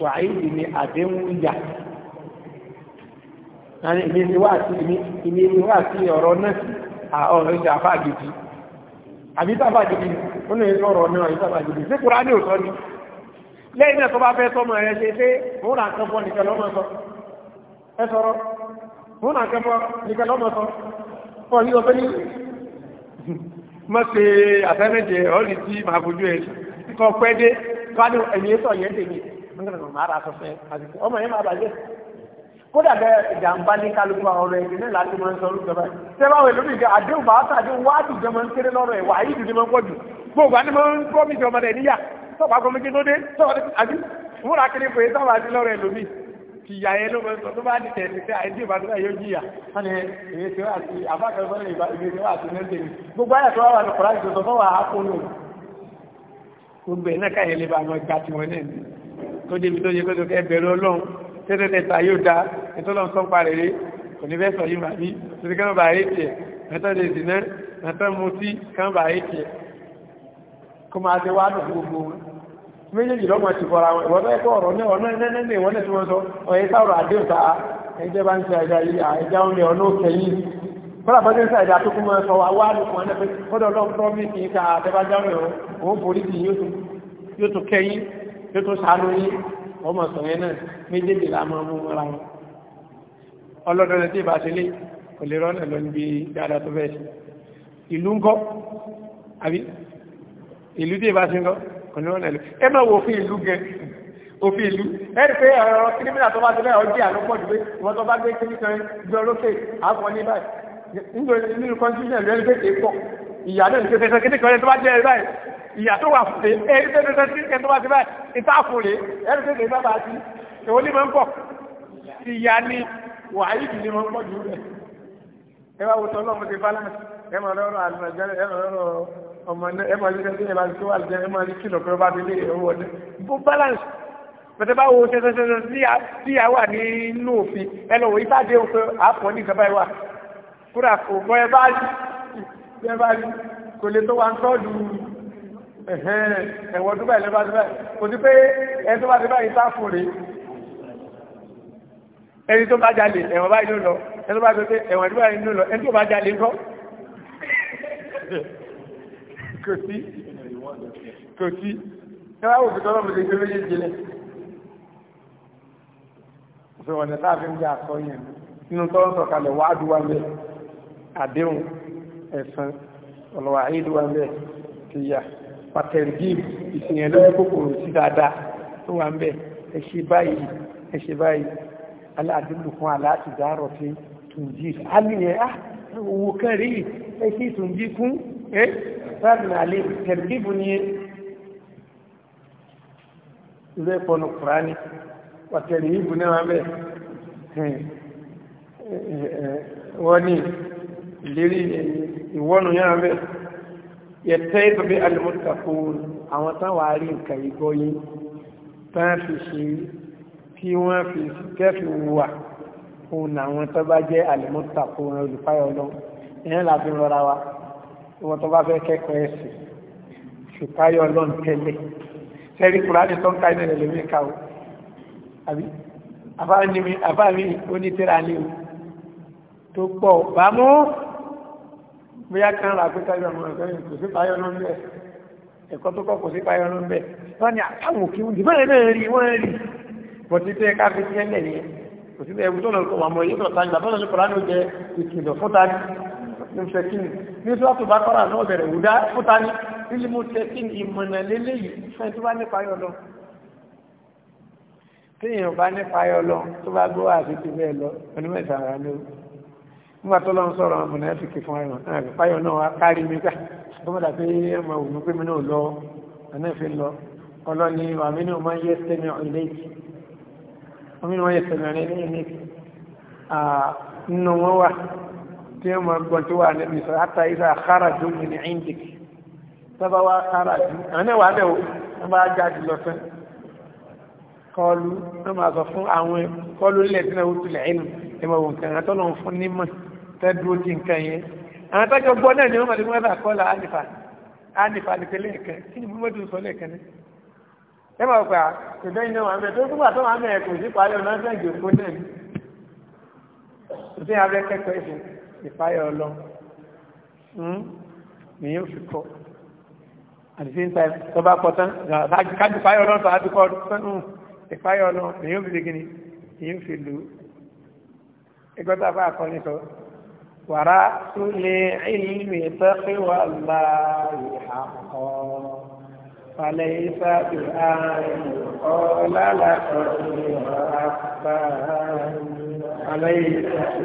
wàáyì ni àdéhùn yà èmi ni wà sí èmi ni wà sí ọ̀rọ̀ náà ọ̀rọ̀ ìjà àfáà gidi àbí sábà gidi ó ní ọ̀rọ̀ náà àbí sábà gidi sí kúrá ní òsọ́ ni lẹ́yìn náà tó bá fẹ́ tọ́mọ rẹ ṣe pé òun là ń kọ́ fọ́ nìkan lọ́mọ sọ ẹ sọ̀rọ̀ òun là ń kọ́ fọ́ nìkan lọ́mọ sọ fọ́ ní ọ̀fẹ́ mọ́ ṣe àtẹ́mẹ́jẹ tí màá fojú ẹ̀ kíkọ́ pẹ́ dé wájú ẹ̀yìn yẹn sọ fẹ́ àdìsí ọmọ yẹn máa bàjẹ́ kódà bẹ ìjàmbá ní kálukú àwọn ọ̀rọ̀ ẹ̀dín láti máa ń sọ ṣé àdéhùn bá máa ń kéré lọ́rọ̀ ẹ̀ máa ń gbogbo àti máa ń kọ́ mi níyà tó dé kiri lọ́rọ̀ ẹ̀ ìyá yẹn ló mọ̀ tó bá dìtẹ̀ ìsìnkẹ́ àìsí ìbá tó bá yóò jìyà wọ́n ni èyí tí wọ́n àti àbákan sọ́rọ̀ ìbá ìbí tí wọ́n àti mẹ́tẹ̀ mi gbogbo ayà tó wà wà ní kọ̀rọ̀ àti tó fọ́wà ápòlò gbogbo ẹ̀ náà káyẹ̀ lè bá àwọn ìgbà tí wọ́n náà ní tó débi tó yẹ kótó kẹ́ bẹ̀rẹ̀ ọlọ́run tẹ́tẹ́tẹ́ta yóò da ìtọ́lọ́run tó ń parẹ́ rẹ̀ kò ní fẹ́ sọ yìí màmí títí kán bá rí tiẹ̀ mẹ́tọ́ lè dì náà mẹ́tọ́ mutí kán bá rí tiẹ̀ kó máa ti wá lọ gbogbo wọn méjèèjì lọ́mọ ti fọ́ra wọn ìwọ́n tó ẹ̀kọ́ ọ̀rọ̀ náà ọ̀nà ẹ̀nẹ́nẹ́ ìwọ́n náà tí wọ́n sọ ọ̀yẹ́ sáwọ̀rọ̀ àdéhùn ta ẹjẹ́ bá ń ṣe àìdá yìí àìdá oúnjẹ ọ̀nà òkèyìn fọ́nà bọ́jú ń ṣe àìdá tó kún mọ́ sọ wá lùkùn ọ̀nà pé kọ́dọ̀ lọ́n tọ́ mí kì í ka àtẹ́bá jáwé o òun forí kì yóò tó kẹ́yìn yóò tó sàánú yín ọmọ sọ yẹn náà tí ìbá ṣe lé kò ọ̀nà ọ̀nà ìlú ẹ máa wo òfin ìlú gẹ òfin ìlú ẹ rí pé ọ̀rọ̀ kírímìnà tó bá ti bẹ́ẹ̀ ọjọ́ àlọ́pọ̀ jù pé ìwọ́n tó bá gbé kíní kan gbé olókè àpọ̀ ní báyìí nínú constitution lẹ́nu pé kìí pọ̀ ìyá náà ní pé tẹ̀sán kíní kan tó bá jẹ́ báyìí ìyá tó wà fún ẹ rí pé tẹ̀sán kíní kan tó bá ti báyìí ìta fún rè ẹ rí pé kìí bábà sí ìwọ ní máa ń pọ̀ ìyá ni wàhálì ọmọ náà ẹ máa rí ẹgbẹ́ ìyẹn láti wà lẹ́yìn ẹ máa kìlọ̀ pé bá fi lé owó ọdẹ bó balance pẹ̀tẹ́ bá wo ṣẹṣẹṣẹ sí àwà nínú òfin ẹ lọ wò yí dé o pé àpọ̀ ní ìjọba ìwà kúrà kò bọ́ ẹ bá rí ẹ bá rí kò lè tó wa ń tọ́jú ẹ̀wọ̀n tó báyìí lọ́ba tó báyìí kò sí pé ẹ tó bá ti báyìí sá fún rèé ẹni tó bá jalè ẹ̀wọ̀n báyìí ló lọ ẹni tó bá jalè ẹ̀wọ̀n tó kò sí kò sí ẹwà òfin tọ́lọ́ mi lè gbé méjì jìnlẹ̀ òfin ọ̀nà tá a fi ń gbé àkọ́ yẹn nínú tọ́lọ́ sọ̀kalẹ̀ wá dùn wá ń bẹ àdéhùn ẹ̀sán ọ̀lọ́wà ayé dùn wá ń bẹ tìyà pàtẹ́rìgìm ìsìnyẹn lórí kòkòrò sí dáadáa tó wà ń bẹ ẹ ṣe báyìí ẹ ṣe báyìí aládùúgbò ah, kan aláàtìdárọ̀ tí tùǹjì á nìyẹn á owó kẹrì ẹ ṣe tùǹjì fún ẹ ihsan alayhi tẹ̀rìbù ni ilé ìpọnu kùránì wà tẹ̀rìbù náà wà bẹ́ẹ̀ wọ́n ní ìlérí ìwọ́nu yára bẹ́ẹ̀ yẹtẹ́ ìtọ́bí alimọ́tàkùn àwọn táwọn àárí nǹkan ìgbọ́ yìí tán fi ṣe kí wọ́n fi kẹ́fì wà fún àwọn tó bá jẹ́ alimọ́tàkùn olùfáyọ̀ lọ ìyẹn làbí rọra wa ìwọ̀n tó bá fẹ́ kẹ́kọ̀ọ́ ẹ̀sìn ṣùpáyọ̀ ọlọ́run tẹ́lẹ̀ sẹ́rí kùránì tó ń ka iná ìrẹ̀lẹ̀ mi ká o àbí àbáàmì onítẹ̀rà ni o tó pọ̀ bámú bóyá kan rà pé káyọ̀ ọmọ ẹ̀kọ́ kò sí páyọ̀ ló ń bẹ̀ ẹ̀kọ́ tó kọ́ kò sí páyọ̀ ló ń bẹ̀ wọ́n ní àtàwọn òkè wọn dìbò náà rí wọ́n rí bọ̀tí tẹ́ ká fi tẹ́lẹ̀ nìyẹn kò sí ẹ̀wù tó lọ kọ́ wọn mọ̀ yìí tó tán ìgbà tó lọ sí kùránì ó jẹ ìkìlọ̀ lùsẹ̀kìn ní sọ́ọ̀tù bá kọ́ra náà bẹ̀rẹ̀ wùdá fúta ní ilimu tẹ̀kìn ìmọ̀nà lélẹ́yìí fẹ́ tó bá nípa yọ lọ téèyàn bá nípa yọ lọ tó bá gbọ́ àti ti bẹ́ẹ̀ lọ onímọ̀ta ara ló nígbà tó lọ ń sọ̀rọ̀ àwọn ọmọdé ti kì fún ẹ̀rọ àgbẹ̀ fáyọ náà wá kárí mi ká tó mọ̀dà pé ẹmọ òun pé mi náà lọ ọ̀nà ìfẹ́ lọ ọlọ́ni àmì náà máa ń yẹ sẹ́mi ọ̀lẹ́ àmì náà máa ń yẹ sẹ́mi ọ̀lẹ́ ní ẹ̀mí nínú wọn wà tí wọ́n máa gbọ́n tó wà níbi sọ hátà ìsà káràdú ní indik tọ́ba wá káràdú àná wà lẹ́wọ̀ wọ́n bá jáde lọ sẹ́ kọlu wọ́n máa sọ fún àwọn kọlu ilẹ̀ tí wọ́n tilẹ̀ ìlú ẹ̀mọ̀ wò nǹkan àtọ́ lọ́n fún nímọ̀ tẹ́dúró ti nǹkan yẹn àwọn tájọ gbọ́ náà ni wọ́n máa ti mọ́ kọ́lá ánìfà ánìfà ní pẹ̀lẹ́ ẹ̀kan kí ni mo tún sọ lẹ́ẹ̀kan ìpáyà ọlọ ni yóò fi kọ́ at the same time tó bá kọ́ tán kájú ìpáyà ọlọ tó a ti kọ́ tán hmm. ìpáyà ọlọ ni yóò fi dégini ni yóò fi lù ú ìgbọ́ta bá a kọ́ ní sọ wàrà tó lè ìlú ìtọ́kì wà láàyè àkọ́ falẹ̀ isa bí àárín ọ̀la làkọ́ ní ọ̀la bá àárín falẹ̀ isa bí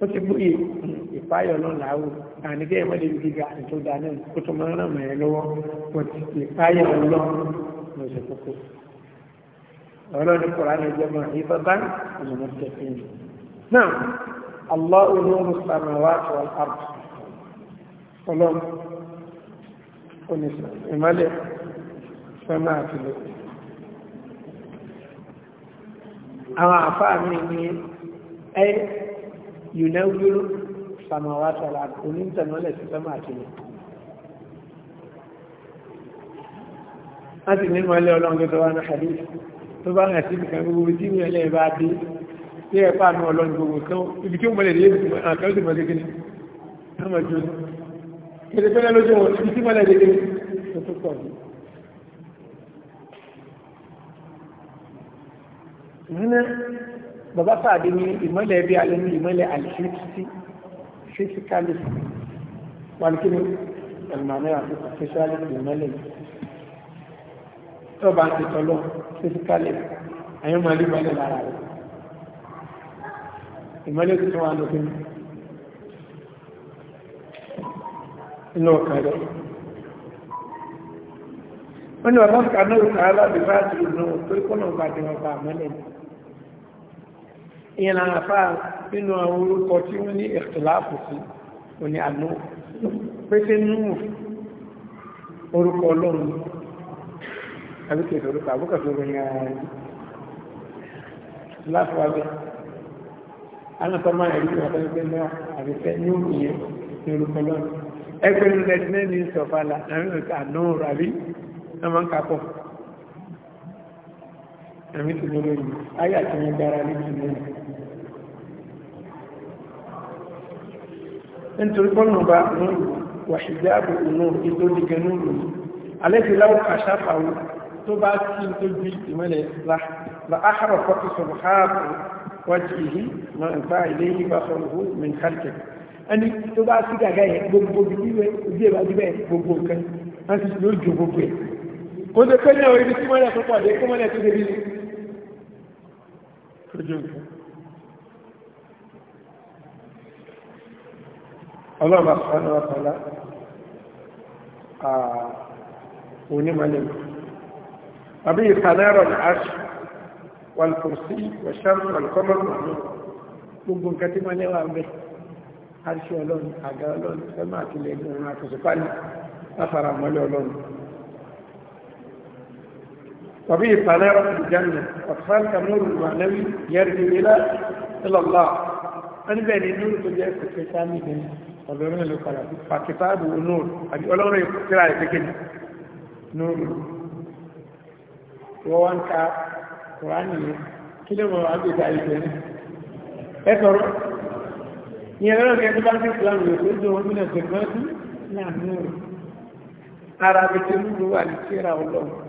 ó ti gbóyè ìpáyọ̀ lọ́la ó àníkẹ́ ìmọ̀lẹ́ gíga ètò dáná ó tún máa ń ràn mẹ́rin lọ́wọ́ but ìpáyọ̀ lọ́ ló ṣe kókó ọlọ́ni kọ̀ọ̀rán ẹgbẹ́ mọ́ ìfẹ́ bá ìmọ̀ tẹ̀sí náà Allah olóhùn sàmàwàtí wọn àrùn ọlọ́run oníṣẹ́ ìmọ́lẹ̀ sẹ́mà àti lè àwọn àfáà mi ní ẹ́ yùnẹ́wúrú sàmàwá sọ̀rọ̀ onítẹ̀mọ́lẹ̀ sí sọ́mà àti mi. láti ní mọ́lẹ̀ ọlọ́run tó wá ní àdé tó bá rìn síbi kan gbogbo tí mi ẹlẹ́ bá dé tí ẹ pàánù ọlọ́run gbogbo kan ibi tí ó mọ́lẹ̀ dé àkọ́ sí mọ́lẹ̀ gíní ọmọ jù ní kéde pẹ́lẹ́ lójú wọn ibi tí mọ́lẹ̀ dé gíní tó tó pọ̀ jù bàbá Sàdí ní ìmọ́lẹ̀ ẹbí alẹ́ ní ìmọ́lẹ̀ àlìfíìsì físíkálìsì wọn kí ni ẹ̀lùmọ̀ọ́nà àti físíkálìsì ìmọ́lẹ̀ tó bá ń ti tọ́lọ́ físíkálìsì àyẹ́ máa lè balẹ̀ lára rẹ̀ ìmọ́lẹ̀ tuntun wà lókè inú ọkàn rẹ̀ wọ́n ni bàbá Sàdí náà rú kàrá láti bá àti ìdùnnú tó kọ́nà ọba àti ọba àmọ́lẹ̀ ìyẹn àwọn àfá nínú àwọn orúkọ tí wọ́n ní ìtìláàfù sí òní àmú pété núhù orúkọ ọlọ́run àbíkẹ̀ ìṣòrúkọ àbúkàtò ròyìn àwọn ìtìláàfù abẹ́ anàtọ́mà ẹ̀rí ìwọ̀tọ́gbẹ́ náà àbíkẹ́ núhù yẹn ní orúkọ ọlọ́run ẹgbẹ̀rún lẹ́dínẹ́ni sọ̀fàlà àríwọ̀ta àdánwò ẹ̀mí ti lórí ẹ̀mí ayà tí wọ́n gbára ní ti lórí nítorí bọ́ọ̀nù bá nùrù wàṣìdá àbò nùrù ìtò dìgẹ̀ nùrù alẹ́sìláwò àṣàfàwò tó bá tí ń tó bí ìmẹ́lẹ̀ láàárọ̀ fọ́tí sọ̀rọ̀ háàbù wájú ìhí ma ń bá ilé yìí bá sọ̀rọ̀ hó min kálkẹ̀ ẹni tó bá sí gàgá yẹn gbogbo ìdíwẹ̀ ojú ẹ̀ bá jí bẹ́ẹ̀ gbogbo nǹkan wọ́n ti lójú gbogbo ẹ̀ kó ṣe pé ní ibi tí mọ́lẹ̀ tó pọ̀ kó mọ́lẹ̀ tó débi tó jẹ́ òkú ọlọ́ọ̀bá sọ́nà ọ̀tọ́lá onímọ̀lẹ́mọ̀ àbí ìfànàrọ̀ ní aṣ wàlùkùrsí wàṣàrù wàlùkọ́mọ̀rù gbogbo nǹkan tí wọ́n lẹ́wà ń bẹ́ aṣọ ọlọ́run àga ọlọ́run ẹ̀mọ́ àtìlẹ́yìn ọ̀run àtòsùpá ní látara mọ́lẹ́ ọlọ́run وبه طلائر الجنة وأطفالك نور المعنوي يرجو إلى إلى الله أنا بين النور تجاه كتابي بين ọlọ́run ló padà pàkìtàbù onóòrù àbí ọlọ́run ìkùtìrà ìpékèjì nóòrù wọ́n wá ń ka kùránì yìí kí ló mọ̀ àgbègbè àìsẹ̀ ní ẹ̀tọ́rọ̀ ní ẹ̀rọ ní ẹni bá ń kíkù láàrin òkú ojú omi náà tẹ̀gbọ́n sí láàrin nóòrù ara bẹ̀tẹ̀ lúlu wà ní kíra ọlọ́run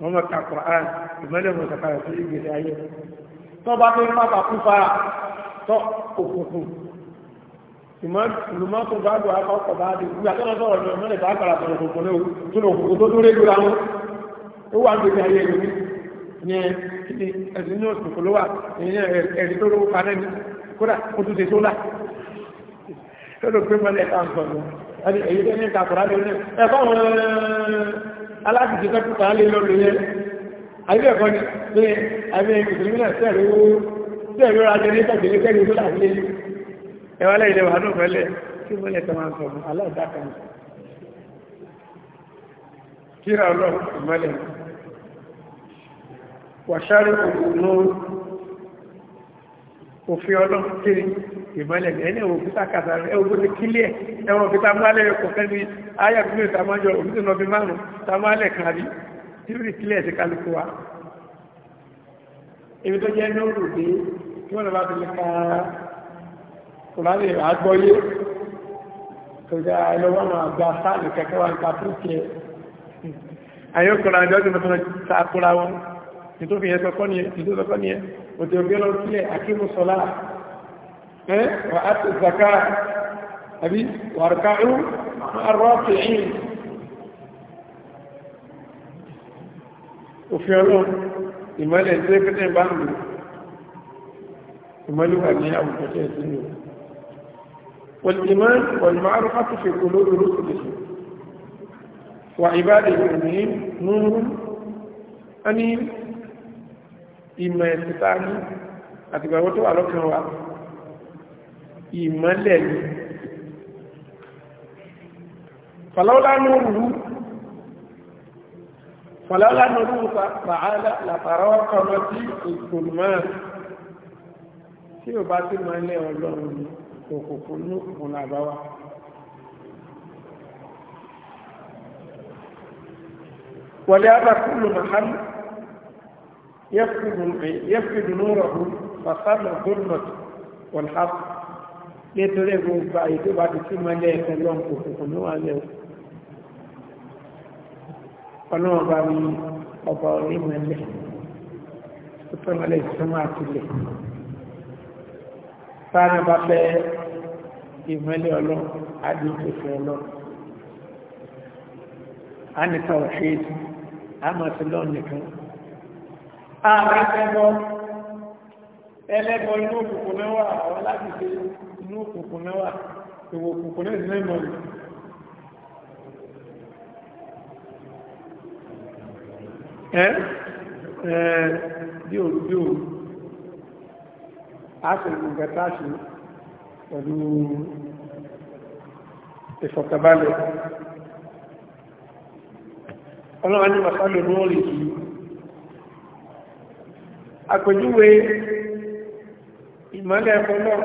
wọ́n mọ̀ ká Quran ìmọ́lẹ̀ mọ̀ sàkàrà sí ìgbésí ayé tó bá fi ń pàpà kú fara tó òkùnkùn ìmọ̀ tó bá dùn akọ́ ọkọ̀ bá dùn ìgbà tó lọ sọ̀rọ̀ ní ọmọdé bá kàrà sọ̀rọ̀ kòkò lẹ́wọ̀ tó lọ kòkò tó dúró lóra wọn ó wà ń gbèsè ayé rẹ̀ ní ìyẹn kíni ẹ̀sìn ní òsùn kòlówà ìyẹn ẹ̀rí tó lówó kan náà kódà ó tún ṣe tó là tó lọ gbé mọ́lẹ̀ ká ń sọ̀rọ̀ ẹ̀yìn tó ní ìkàkùrá lónìí ẹ̀kọ́ aláṣìṣẹ́ tó kúta lé lọ́rù yẹn àbí ẹ̀kọ́ ni pé àbí mùsùlùmí náà sẹ́ẹ̀rù sẹ́ẹ̀rù ajẹ́ ní tàbílé kẹ́rì tó láàlé ẹwà lẹ́yìn lẹ́wà náà fẹ́lẹ̀ tí mo lẹ́tọ̀ máa sọ aláìdá kan òfin ọlọ́run kiri ìmọ̀lẹ̀ ẹni ẹ̀wọ̀n òfin sàkàtà rẹ̀ ẹ̀wọ̀n òfin kílẹ̀ ẹ̀wọ̀n òfin tamálẹ̀ ẹ̀kọ́ kẹ́ni ayé àbúrò ìtamájọ òfin nọbi márùn tamálẹ̀ kan rí tíwìrì kílẹ̀ sí kálukú wa. ibi tó jẹ́ nóòrù dé tí wọ́n lọ́ba tilẹ̀ ká kùránì àgbọ́yé kọjá ẹlọ́wọ́ àwọn àgbà sáàlì kẹ́kẹ́ wa nípa tó òtò ògbé lọ sílẹ̀ akímùsọ́lá ẹ́ wà á ti zaka àbí wà rùkàrù arọ́ọ̀tì ẹ̀yìn òfin ọlọ́run ìmọ̀lẹ̀ tí ó pẹ́tẹ́ bá ń lò ìmọ̀lẹ̀ wà ní àwùjọ tẹ́ sí lò والإيمان والمعرفة في قلوب رسله وعباده المؤمنين نور أنيم ìmọ̀ ẹ̀sìn tá a ní àti ìgbàgbọ́ tó wà lọ́kàn wa ìmọ̀lẹ̀ ni fàlọ́lá nùrù fàlọ́lá nùrù fàálà làtàrà ọkọ̀ tí ìgbòmọ̀ tí ò bá tí mọ̀lẹ̀ ọlọ́run ni òkùnkùn ní òkùnkùn làbáwá wọlé abakúlù mahamu yẹ́fìdì núrọ̀ hù fàṣánà gómìnà wọn ha nítorí gbogbo àyè tó bá ti tí mọ́ ilé ẹ̀kọ́ lọ́n kò kò ní wà lẹ́ ọlọ́run bá ní ọba onímọ̀ ẹlẹ́ tó tọ́ mọ́lẹ̀ ìsúnmọ́ àtìlẹ̀ sáà bá fẹ́ ìmọ̀lẹ̀ ọlọ́run adìyẹ fẹ́ ọlọ́run a nìkan ọ̀ṣẹ́ a máa ti lọ́ọ̀ nìkan ààrẹ fẹ́bọ ẹlẹ́bọ inú òkùnkùn mẹ́wàá àwọn láti ṣe inú òkùnkùn mẹ́wàá ìwò òkùnkùn náà ní mẹ́mọ̀ ní ẹ́ ẹ́ bí òru bí òru a sì ń gẹ̀ta sí pẹ̀lú ìfọ̀kàbalẹ̀ ọlọ́run ní màsálò lórí yìí àpèjúwe ìmọ́lẹ̀ ẹ̀kọ́ náà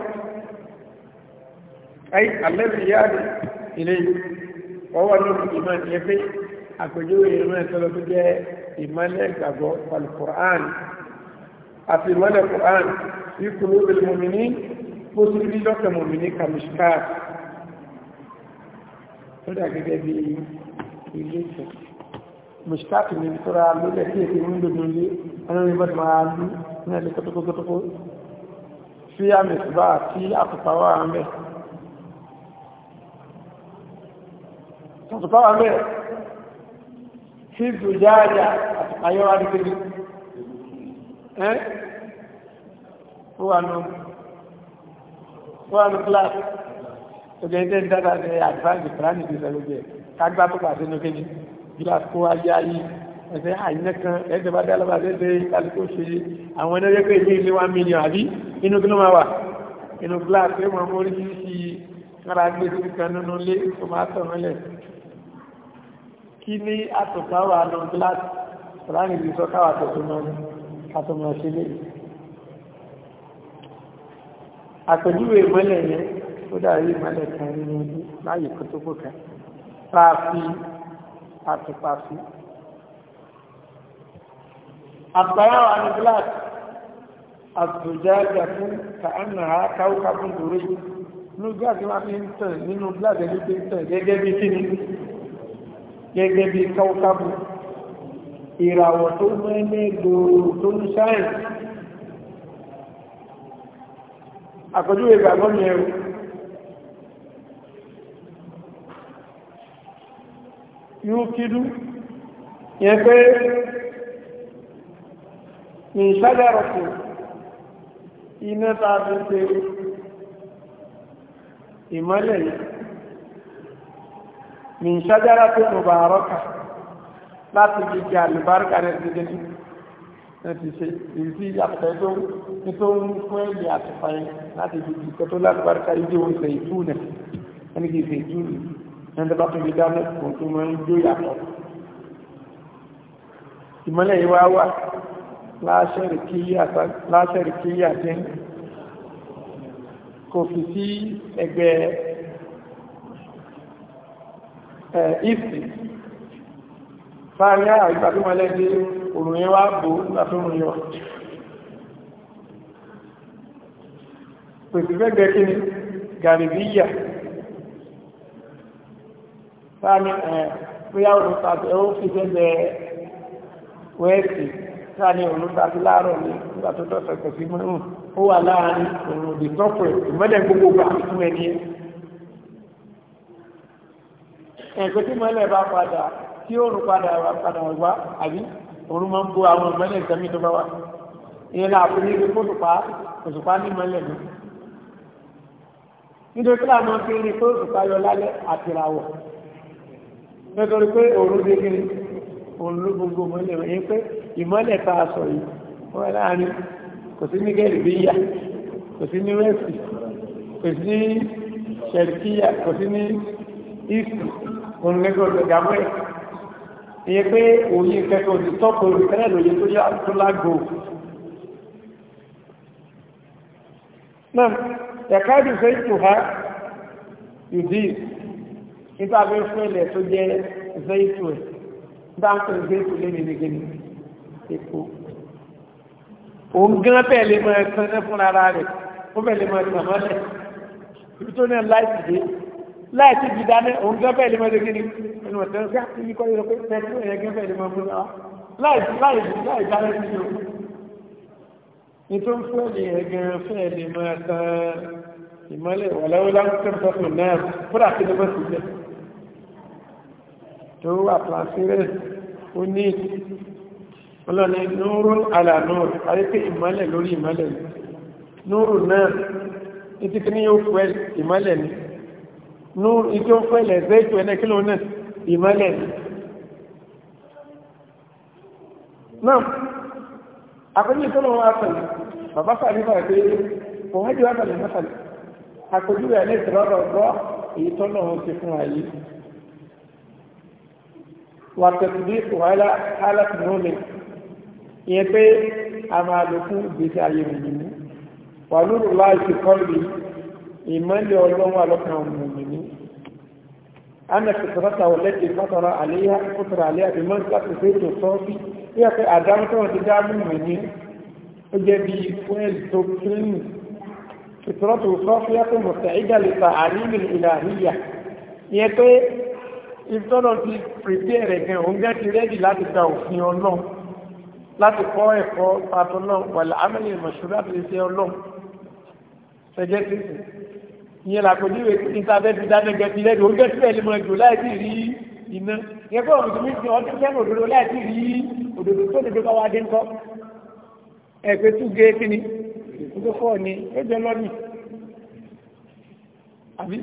ayi alẹ́bí yáàdì ilé ọwọ́ lórí ìmọ̀ ní ẹgbẹ́ àpèjúwe ìmọ̀ ẹ̀tọ́ lọ tó jẹ́ ìmọ̀lẹ̀ ìgbàgbọ́ alukur'an àti ìmọ̀lẹ̀ kur'an sí kúrò ìlú mọ̀mìnì bó ti rí lọ́kẹ̀ mọ̀mìnì kàmìṣíkà tó dà gẹ́gẹ́ bí ilé ìtọ́ mùsíkàtì ní ìtura lólẹ̀ sí èdè wíńdò nílé ẹni bọ́dì máa lú ní ẹni kótókótókó sí àmì ìsìbá àti àtùpàwà àmì àtùpàwà àmì tí ìdòjáàjà àyọ́wà ní kébí ẹ́ ó anu, nù kíláàsì ọjọ́ ilé ń dára advance àdìfáàjì kìláàsì ìgbésẹ̀ lójú ẹ̀ kágbá tó pàṣẹ ní kébí kíláàsì kó wáyé ayé ẹ̀sẹ̀ àìyàn kan ẹ̀sẹ̀ bá dá lọ́ba ẹ̀sẹ̀ kálukú ṣe àwọn ẹ̀nà yẹ́pẹ́ ilé ilé wa mílíọ̀n àbí inú kí ló máa wà inú glace pé wọn mú oríṣiríṣi ara gbé sí kan nínú ilé tó máa tọ̀ mọ́lẹ̀ kí ní àtọ̀tà wà nù glace ráàyè ti sọ káwà tọ̀tún mọ́ àtọ̀mọ̀ ṣe lé àpèjúwe ìmọ́lẹ̀ yẹn ó dàrí ìmọ́lẹ̀ kan nínú ilé láyè kótópó kan tá a fi àtùpà sí àtàràwà ní black àtòjáàjà fún kàánàá káwọ́ká fún torí inú black máa fi ń tàn nínú black ẹni fi ń tàn gẹ́gẹ́ bí kí ni gẹ́gẹ́ bí káwọ́ká fún ìràwọ̀ tó mẹ́lẹ́ gbòòrò tó ń ní ìṣẹ́lẹ̀rọ̀kù iná ta fi ṣe ìmọ́lẹ̀ yìí ní ìṣẹ́jára tó mọ̀ bá rọ́kà láti fi kí alìbáríkà rẹ̀ ti dé láti ṣe ìrísí àpẹẹ tó ń fún ẹ̀lẹ̀ àtìfàyẹ láti fi kí kọ́ tó lágbàríkà ìdí òun ṣe ìtú nẹ̀ ẹni kì í ṣe ìtú nì ẹni tó bá tún fi dáná kò tó mọ́ ń jó yàtọ̀ ìmọ́lẹ̀ yìí wá wà láṣẹ̀ríkíyà tí kò fi sí ẹgbẹ́ ìsì fáyá ìgbàfíwọlẹ́dé òrùn yẹn wá bò láfíwọ̀n yọ pèsè fẹ́gbẹ́ kí ni gàrìbíyà fáyá ẹ̀ pé àwọn òṣìṣẹ́ ẹ̀wọ́ fi fẹ́gbẹ́ wẹ́ẹ̀sì sáàlẹ̀ òun tàbí láàárọ̀ ní ìgbà tó tọ́sẹ̀ kò sí mọ́rún ó wà láàárín òun òdì tọ́pọ̀ ìmọ́lẹ̀ gbogbo gbà fún ẹni ẹ̀kọ́ tí mọ́lẹ̀ bá padà tí òun padà wà padà wá àbí òun máa ń bo àwọn ìmọ́lẹ̀ ìsẹ́mi tó bá wà ìyẹn náà fún ní kóṣùpá kóṣùpá ní mọ́lẹ̀ mi nítorí kí làwọn fi rí kóṣùpá yọ lálẹ́ àtìràwọ̀ nítorí pé òun dé kiri òun ló gbogbo mọ́lẹ̀ wọ́n yẹn pé ìmọ́lẹ̀ tá a sọ yìí wọ́n láàrin kò sí ní gẹ̀rìbíyà kò sí ní wẹ́ẹ̀sì kò sí ní ṣẹ̀ríkíyà kò sí ní ìsù òun lẹ́gbọ̀dọ̀ gàmọ́ ẹ̀ ìyẹn pé òye kẹfẹ́ òsì tọ́pọ̀ olùkẹ́lẹ̀ lòye tó yá tó lágbo náà ẹ̀ka ìdùnfẹ́ ìtò ha yìí nípa bí fún tó jẹ́ zẹ́ìtò ẹ̀ dáńtò ìgbésù lé mi nìgbè ní èkó òun gán bẹ́ẹ̀ lè mọ ẹ̀kan náà fúnra ara rẹ̀ ó bẹ́ẹ̀ lè mọ ẹ̀kan mọ́lẹ̀ ibi tó náà láìsí dé láìsí ibi dáná òun gán bẹ́ẹ̀ lè mọ ẹ̀kan ní ẹnu ọ̀tẹ́ ọ̀gá ibi kọ́ ìrọ̀pẹ́ pẹ̀lú ẹ̀yẹ gán bẹ́ẹ̀ lè mọ ẹ̀kan láìsí láìsí láì dáná sí i ní fún ẹ̀yẹ gan fẹ́ẹ̀ lè mọ ẹ̀kan ìmọ́lẹ̀ wọ̀lẹ́wọ́lá ń tẹ́ tó wà pàṣírẹ̀ ó ní ọlọ́ni nóòrò alànóòrò àríkẹ́ ìmọ́lẹ̀ lórí ìmọ́lẹ̀ ni nóòrò náà ní títí ní yóò fẹ́ ìmọ́lẹ̀ ni nóòrò ìjọ fẹ́ lẹ̀ẹ́sẹ́ ètò ẹ̀nẹ́ kí lóun náà ìmọ́lẹ̀ ni náà àkójú ìtọ́lọ́wọ́ àtàlẹ̀ bàbá sàrífà pé kò wájú àtàlẹ̀ mọ́sàlẹ̀ àkójú ẹ̀ ní ìtọ́lọ́wọ́ èyí tọ́lọ́wọ́ ti wàtẹ̀síbíkù alákùnrin ìyẹn pé a máa lò fún ìgbésí ayé mùmìnì wà lórí láìsí kọ́lì ìmọ́lẹ̀ ọlọ́wọ́ alọ́kàn mùmìnì ana fìtàtà ọ̀lẹ́kì fátara àléyà fútara àléyà bí mọ́ láti fẹ́ tó sọ́ sí ní ọ̀pẹ́ àdáhùn tó ti dá mùmìnì ó jẹ́ bí fúẹ́l tó kírínì fìtàtà ọ̀sọ́fíà tó mọ̀tẹ̀ ìdálẹ́ta àríwìn ìlàhíyà ìyẹn pé ìtọ́nà ti pèsè rẹ̀ gan òun gẹ́ ti rẹ́dì láti gba òfin ọlọ́run láti kọ́ ẹ̀kọ́ pàtó náà wàlẹ̀ amẹ́lẹ̀ ìmọ̀ṣúra ti ṣe ọlọ́run ṣẹjẹ́ ti sùn ìyẹn làpèjúwe níta bẹ́ẹ̀ ti dánẹ́gẹ́ ti rẹ́dì òun gẹ́ ti rẹ́dì mọ́ ẹ̀jọ̀ láì sí rí iná yẹn kọ́ ọ̀rùn mi fi ọdún fẹ́ràn òdodo láì sí rí òdodo tó dodo bá wá dé ńkọ́ ẹ̀ pé tú gé kíni nítorí fọ́ọ̀ ni ẹ̀jẹ̀ lọ́nìí àbí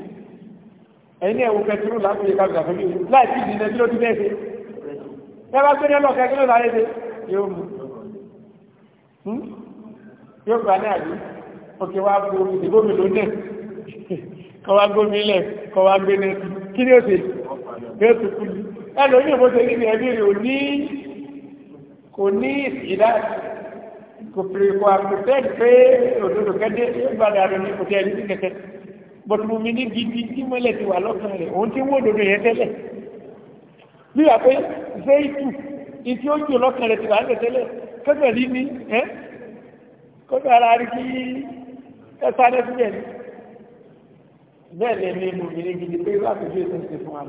ẹni ẹ̀wù pẹ̀túrù lápúlé káàkiri àfẹ́bí láì sí ìdílé tí ó ti bẹ́ẹ̀ ṣe ẹgbẹ́ gbé ní ọlọ́kẹ́ kí ló láyé ṣe yóò mú yóò gbà ní àbí òkè wá gbó ìdìbò mi lónìí kọ́ wá gbó mi lẹ̀ kọ́ wá gbé ní kí ni ó ṣe yóò tún kú ní ẹnu ní ìbòsè ní ẹbí rẹ̀ ò ní kò ní ìdá kò pèrè kò àpòtẹ́ pé òdòdó kẹ́dẹ́ gbàdá rẹ̀ ní kò tẹ́ ẹni kẹ́kẹ́ bọ̀tùmù mi ní gidi tí mọ́lẹ̀ ti wà lọ́kàn rẹ̀ òun ti ń wó òdodo yẹn tẹ́lẹ̀ bí wà pé zeitu ìtí ó jù lọ́kàn rẹ̀ ti wà lọ́kàn tẹ́lẹ̀ kọ́kàn rí ní ẹ́ kọ́kàn ara rí kí ẹ̀sà rẹ̀ síbẹ̀ ní bẹ́ẹ̀ lè ní inú mi ní gidi pé láti fi ètò ìsìn fún wa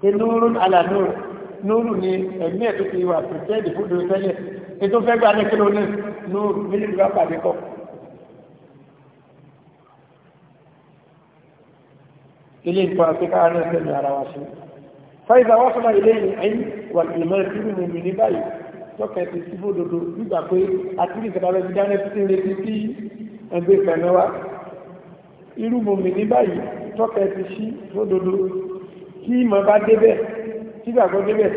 pé núrún àlà núrún núrún ni ẹ̀mí ẹ̀ tó ti wà tó tẹ́lẹ̀ tẹ́lẹ̀ ètò fẹ́ gbà ní kí ilé ìtọ́ àti káàrin ẹ̀sẹ̀mì ara wa ṣe fáìzà wá sọ́nà ilé ìrìn wà ìmọ̀ ìpínlẹ̀ mọ̀mí ní báyìí tọ́kẹ̀ ti síbò dodo nígbà pé àtúndì ìsẹ̀dáwẹ́ ti dáná títí retí sí ẹgbẹ́ ìfẹ̀mẹ́ wa irú mọ̀mí ní báyìí tọ́kẹ̀ ti sí sódodo kí ìmọ̀ bá débẹ̀ tí gbàgbọ́ débẹ̀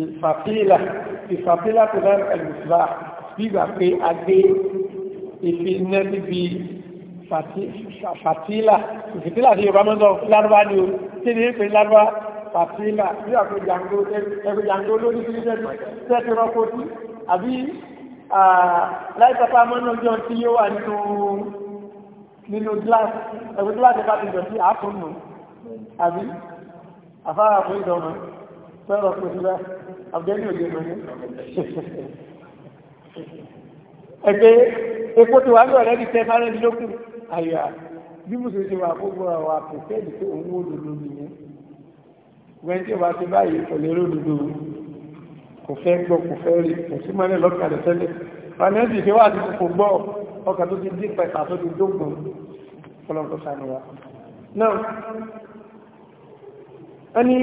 ìfàfíìlà ìfàfíìlà tó dára ẹ̀lùsùlá gbígbà pé a gbé ìfi iná níbi fàtíìlà ìfìtílà ní yorùbá mọ́tọ́ lárúbá ni o tí ní pé lárúbá fàtíìlà bí àpò jàǹgó lórí sí tẹ́tí rọ́pò tí àbí láìsapá mọ́nà jọ tí yóò wà nínú nínú glass ẹ̀wọ̀n glass ẹ̀fà ti jọ sí àbí àfáà fún ìdánwò sọ̀rọ̀ pẹ̀lúwá àbẹ́lì òjò lónìí ẹgbẹ́ epo tí wàá lọ́rẹ́ ní tẹ́fàrẹ́ lókù àyà bí mo ṣe wà gbogbo àwọn àpòtẹ́ẹ̀lì tó òun òdòdó nìyẹn wẹ́n tí ó bá ti báyìí kò lérò òdòdó kò fẹ́ gbọ́ kò fẹ́ rí kò sí mọ́lẹ̀ lọ́kàlẹ̀ tẹ́lẹ̀ fanẹ́sì ṣe wà nínú kò gbọ́ ọkà tó ti dín pẹ̀ta tó ti dógùn ọlọ́pọ̀ sànúwà náà ẹni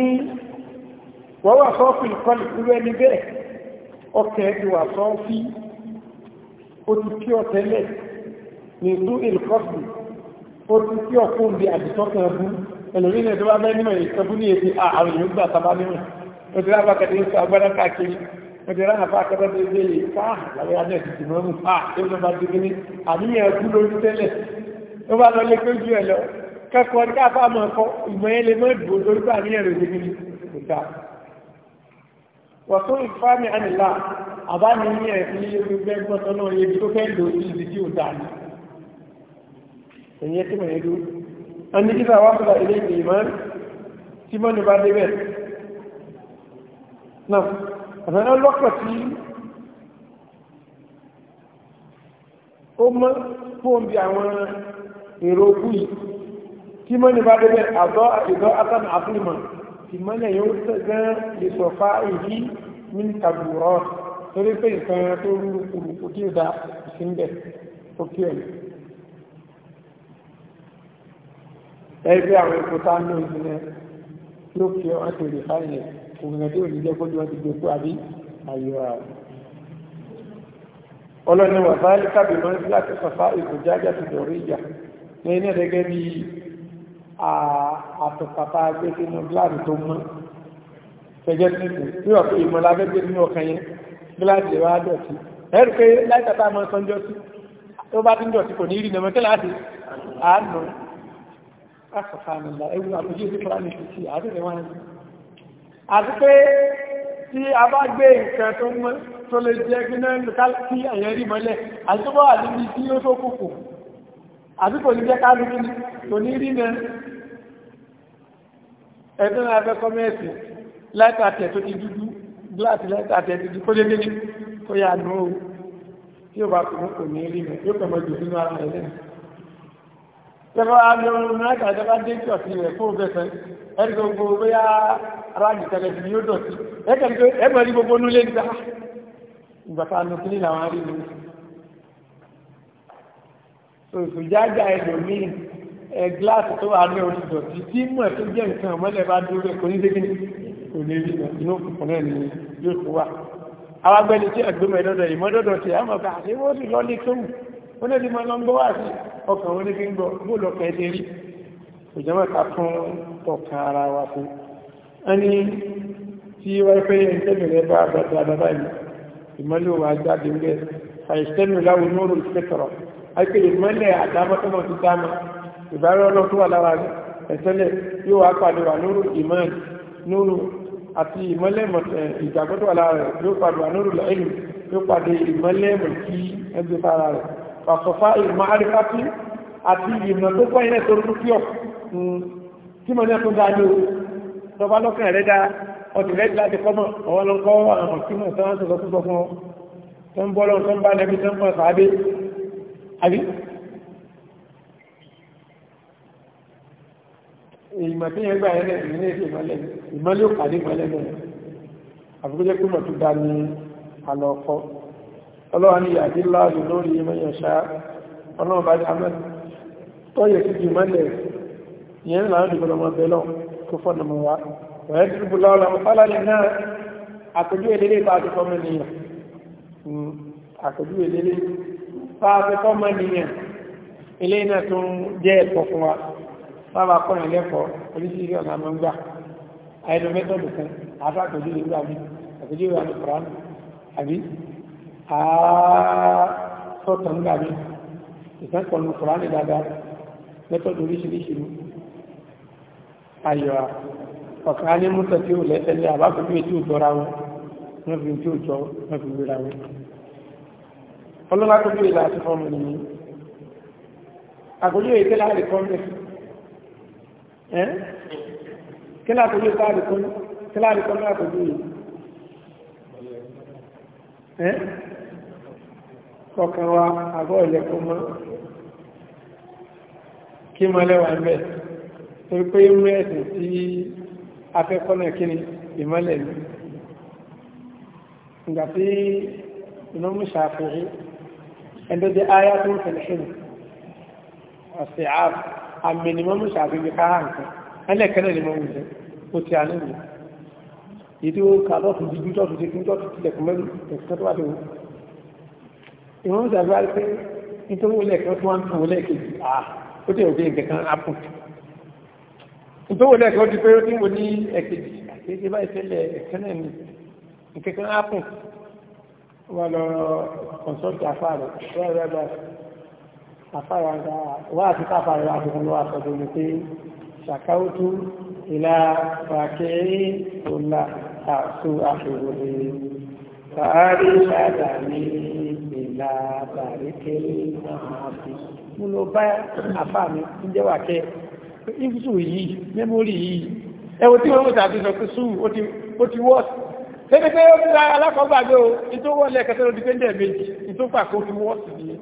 wọ́n wà sọ́ọ̀fì ìkọlù irú ẹni bẹ́ẹ̀ ọkẹ̀ ti wà sọ́ọ̀fì ó ti kí ọ tẹ́lẹ̀ ní ìlú ìlúkọ́sì ó ti kí ọ fún bí àdìsọ́kàn ẹbú ẹlòmí ní ẹ̀dọ́wà bẹ́ẹ̀ nímọ̀ ìṣẹ́bú ní èdè àwọn èèyàn gbà sábà nímọ̀ ó ti rábà kẹ́tẹ́ ìṣẹ́ agbára káàkiri ó ti rábà kẹ́tẹ́ tó ṣe lè fà lábẹ́ adé ìdìtì mọ́mú fà tó ló bá dìgbì ní àníyàn ẹbú lórí tẹ́lẹ̀ ó bá kẹ́kọ̀ọ́ ní káfá mọ̀ ọkọ̀ ìmọ̀ ẹ̀ lè mọ́ ìdìbò lórí wọ̀tún ìfáàmì àmìlá àbá ní ní ẹ̀fí gbígbẹ́ gbọ́tọ́ náà yẹ tó fẹ́ lò sí ibi tí ó dà ní ẹ̀yẹ tí mọ̀ yẹdú wọ́n ní wá fúnra ilé ìgbè ìmọ̀ tí mọ́ ní bá débẹ̀ náà àtàná lọ́pọ̀ tí ó mọ́ fóun bí àwọn èrò òkú yìí tí mọ́ ní bá débẹ̀ àgọ́ ìgọ́ ìmọ́lẹ̀ yóò tẹ́gẹ́ lè sọ̀fá èyí ní tàbùrọ̀ torí pé nǹkan tó rúrú kùrùkù tí ó da ìsìnbẹ̀ òkè ẹ̀ ẹgbẹ́ àwọn epo tá ń lò ìsinmi yóò fi ọ́n tó lè fáyẹ̀ òun ẹ̀dẹ́ òní jẹ́ kójú wọn ti gbé kú àbí àyíwá ọlọ́ni wà báyìí kábìmọ́ láti sọ̀fá ìkòjájá ti dọ̀rí ìjà ní ẹni ẹ̀dẹ́gẹ́ bíi àtùpàtà gbé sínú gíláàsì tó mọ́ tẹ́jẹ́ títù tí ọ̀pọ̀ ìmọ̀lá gbẹ́gbẹ́ nínú ọkàn yẹn gíláàsì wá dọ̀tí ẹ̀rù pé láìsàtà mọ́ sọ́njọ́ sí tó bá ti ń dọ̀tí kò ní rí nẹ̀mọ́ kí láti àánú àkọ̀kànlá ewu àpòjú sí fúlàní ti ti àdúrà wọn àti pé tí a bá gbé nǹkan tó mọ́ tó lè jẹ́ gbínáà kí àyẹ̀rí mọ́lẹ̀ àti tó àbí kò ní jẹ́ ká lórí kò ní rí nẹ ẹ̀dùn náà fẹ́ kọ́mẹ́ẹ̀sì láìta tẹ̀ tó ti dúdú gíláàsì láìta tẹ̀ ti dúdú kó lé méjì kó yà nù ó tí ó bá kò kò ní rí nẹ yóò pẹ̀mọ́ jù nínú ara ẹ̀ lẹ́nu tẹ́fọ́ alóòrùn mẹ́ta ìjọba dé tí ọ̀sìn rẹ̀ fún òfẹ́fẹ́ ẹ̀rí gbogbo bóyá aráàlú tẹlẹsì ni ó dọ̀tí ẹ̀kẹ́ gbogbo ẹgbẹ̀rí gbogbo nulẹ̀ gbà ìgbàta nù sílẹ̀ làwọn arí nù òṣùjájà ẹlòmíì ẹ gíláàsì tó wà ní orí ìdọ̀tí tí mọ̀ tó jẹ́ nǹkan ọ̀mọ́lẹ̀ bá dúró rẹ̀ kò ní dé kíni kò ní rí inú òkùnkùn náà ni yóò tó wà. àwọn agbẹni tí ẹgbẹ́mọ̀ ẹ̀dọ́dọ̀ ìmọ̀dọ́dọ̀ tí a mọ̀ ká àti wọ́n sì lọ ní tóun ó ní ẹni mọ̀ lọ ń gbọ́ wá sí ọkàn wọn ní fi ń gbọ́ bó lọ kẹ́ ẹ́ rí òjọ́mọ̀ ká fún ọkàn ara wa fún. ẹni tí akéde mọ́lẹ̀ àdámọ́tọ́mọ́ ti dáná ìbára ọlọ́ tó wà lára ẹ̀sẹ́lẹ̀ yóò wá pàdé wà lóru ìmọ̀ lóru àti ìmọ́lẹ̀ ìgbàgbọ́ tó wà lára rẹ̀ yóò pàdé wà lóru lẹ́yìn yóò pàdé ìmọ́lẹ̀ kí ẹgbẹ́ fara rẹ̀ pàṣọfá ìmọ̀ àríkàtì àti ìmọ̀ tó pọ̀ ilẹ̀ tó rú píọ̀ tí mo ní ẹ̀kún dáa ní o tọba lọ́kàn rẹ̀ dáa ọtí rẹ̀ láti kọ́mọ̀ ọwọ́ lọ́kọ́ àwọn ọ̀kí mọ̀ tó ń sọ̀rọ̀ púpọ̀ fún ọ tó ń bọ́ lọ́n tó ń bá lẹ́bí tó ń pọ̀ sàádé àbí ìmọ̀ tí yẹn gbà yẹn lẹ́yìn ní èdè ìmọ̀lẹ́ ìmọ̀lẹ́ òpàdé ìmọ̀lẹ́ náà àfikúnjẹ́ pé mọ̀ tó dá ní àlọ́ọ̀kọ́ ọlọ́wọ́n ni yàtí láàrín lórí ìmọ̀yànṣá ọlọ́wọ́n bá dá mẹ́rin tó yẹ sí ìmọ̀lẹ́ yẹn láàrín ìgbọ̀lọ́ mọ́ bẹ́ẹ̀ lọ tó fọ́nà mọ́ wa wọ́n ti bú lọ́wọ́ lọ́wọ́ fálálẹ̀ náà àpèjúwe lélẹ́ fáfẹ́ fọ́mọ nìyàn ilé náà tó ń jẹ́ ẹ̀kọ́ fún wa sábà kọ́rin lẹ́kọ̀ọ́ oríṣiríṣi ọ̀nà àmọ́ ń gbà àìdùn mẹ́tọ̀dù kan àfà àpèjú ìlú àbí àpèjú ìwà ní koran àbí àásọ̀tàn ń gbà mí ìfẹ́kọ̀ọ́ ní koran dáadáa mẹ́tọ̀dù oríṣiríṣi mú ayọ̀ ọ̀kan á ní mú tẹ̀síwò lẹ́sẹ̀ ní àbáfẹ́fẹ́ tí ò jọra wọn wọ́n fi tí ò jọ wọ́n fi gbéra wọn ọlọ́lá tó bí ìlà àti fọ́ọ̀mù nìyí àkójú èyí kílá àrí kọ́mí ẹ́ kílá àkójú ìta àrí kọ́mí kílá àrí kọ́mí àkójú yìí ẹ́ kọ̀kan wa àgọ́ ìlẹ̀kọ́ mọ́ kí mọ́ lẹ́wà ń bẹ̀ torí pé mú ẹ̀sìn tí afẹ́kọ́nà kíni ìmọ́lẹ̀ ní ìgbà tí ìnáwó ṣàfihàn ẹ̀dọ́dẹ́ ayá tó ń fẹ̀lẹ̀ṣìn ọ̀sẹ̀ ààbò àmì ni mọ́mú ṣàfihàn káhà nǹkan ẹlẹ́kẹ́lẹ́ ni mọ́mú jẹ́ ó ti àlẹ́ mi ìdí ó kà lọ́ọ̀tún dídú tọ́tù ti fún tọ́tù ti lẹ̀kùn mẹ́rin ẹ̀kọ́ tó wà lówó ìwọ́n ṣàfihàn pé nítorí wọlé ẹ̀kọ́ tó wà ń tún wọlé ẹ̀kejì à ó dẹ̀ òbí nǹkan kan ápù nítorí wọlé ẹ̀kọ́ wọ́n lọ kọ̀nsọ́tì àfáàrẹ̀ rẹ́rẹ́gbẹ̀ àfáàrẹ̀ àgbà wà àti káfàrẹ̀ àbùkún lọ́wọ́ àtọ́jú ní pé ṣàkáwótú ìlà pàkẹ́rí ọ̀la àṣù àṣòwòrè fàárí ṣáàdà ní ìlà pàríkẹ́rí àmàbí mú lọ bá àfáàmì ń jẹ́ wàkẹ́ ìfúsù yìí mẹ́mórì yìí ẹwọ tí wọ́n mú tàbí sọ pé sùn ó ti wọ́ọ̀sì débi pé ó ti ra alákọ̀ọ́gbàgbé o ìtò wọ́n lẹ̀ kẹtẹ́rọ di péńdẹ̀ méjì ìtò pàkó fi wọ́n sì ní.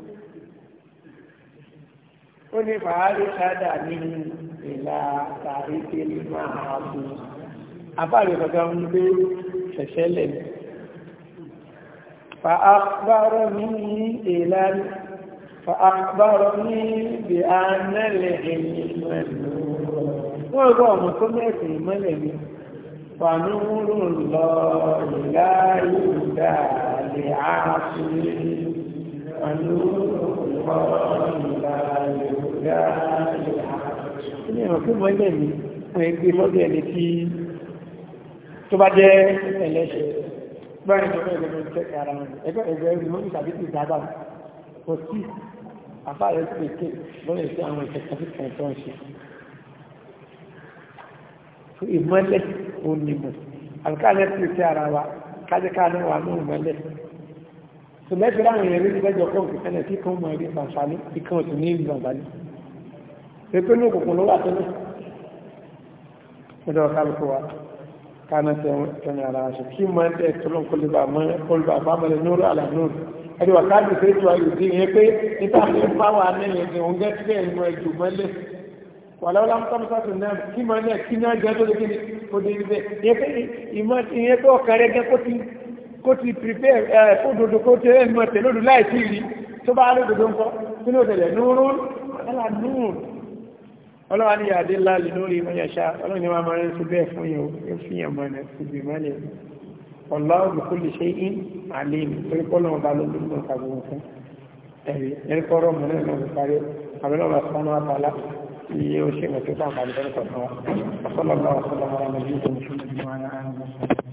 ó ní fàárí ṣáádà ní ìlà tàrí tẹ́lẹ̀ máa bù àbáàrí ọ̀gá ń gbé ṣẹ̀ṣẹ̀ lẹ̀ ní. fàákbárọ̀ ní ìlà fàákbárọ̀ ní bí a ẹ̀yìn mẹ́lẹ̀ wọ́n rọ̀ ọmọ tó mẹ́sìn mẹ́lẹ̀ ni. فنور الله لا يهدى لعاصيه فنور الله لا يهدى ní ẹ̀rọ pé mọ́ ilẹ̀ mi wọ́n ẹ gbé lọ́dọ̀ ẹni tí tó bá jẹ́ ẹlẹ́ṣẹ̀ báyìí tó bẹ́ẹ̀ lọ́dọ̀ tẹ́ ara rẹ̀ ẹgbẹ́ ẹgbẹ́ ẹgbẹ́ mọ́bí tàbí tí ìdágbà kò sí àfáà rẹ̀ ti pèsè lọ́dọ̀ sí àwọn ìṣẹ̀kọ́ tí kàn tó ń ṣe tó ìmọ́lẹ̀ onímọ̀ àlùkáàlẹ̀ tí ó ti ara wa kájẹ́káàlẹ̀ wà ní ìmọ́lẹ̀ tó lẹ́tí láwọn èèyàn rí lẹ́jọ kọ́ òkùnkẹ́lẹ̀ tí kan mọ̀ rí bàǹfààní tí kan sì ní ìlú àǹfààní pépé ní òkùnkùn ló wà tẹ́lẹ̀ ọjọ́ kálukú wa kánà tẹ́mi ara ṣe kí mọ́ ẹ̀ tọ́lọ́ kọlùbà àbámọ́lẹ̀ nóòrò àlànóòrò ẹ̀dùn wà káàdì fẹ́ẹ́ tó ayò wàláwọ́lá ń tọ́ mọ́sá tún náà kí máa náà kí náà jẹ́ tó lè kíni kó dé ibẹ̀ ìyẹn tó ọ̀kan rẹ̀ gẹ́ kó ti prepare fódodo kó tẹ́ ẹ̀mọ́ tẹ̀lódò láìsí rí tó bá lódodo ń kọ́ kí ló tẹ̀lẹ̀ núrún ọ̀lá núrùn ọlọ́wà ní àdé láàlì lórí ìmọ̀yàṣá ọlọ́run ni wọ́n máa ń sọ bẹ́ẹ̀ fún yẹn ó fi yẹn mọ́ ẹ̀ sí ibi mọ́lẹ̀ ọ̀láwọ̀ bí kò lè ṣe in àlè mi torí kọ́lọ́ ọba ló ló lọ́ka gbogbo fún ẹ̀rí ẹ̀rí kọ́rọ́ mọ́ náà lọ́wọ́ parí àbẹ́lọ́wọ́ sọ́nà àtàlá tí ó ṣe mọ̀ tó bá àbájẹ́ kọ̀ọ̀kan wa. Ọ̀pọ̀lọpọ̀ ọ̀pọ̀lọpọ̀ ọ̀rọ̀ mọ̀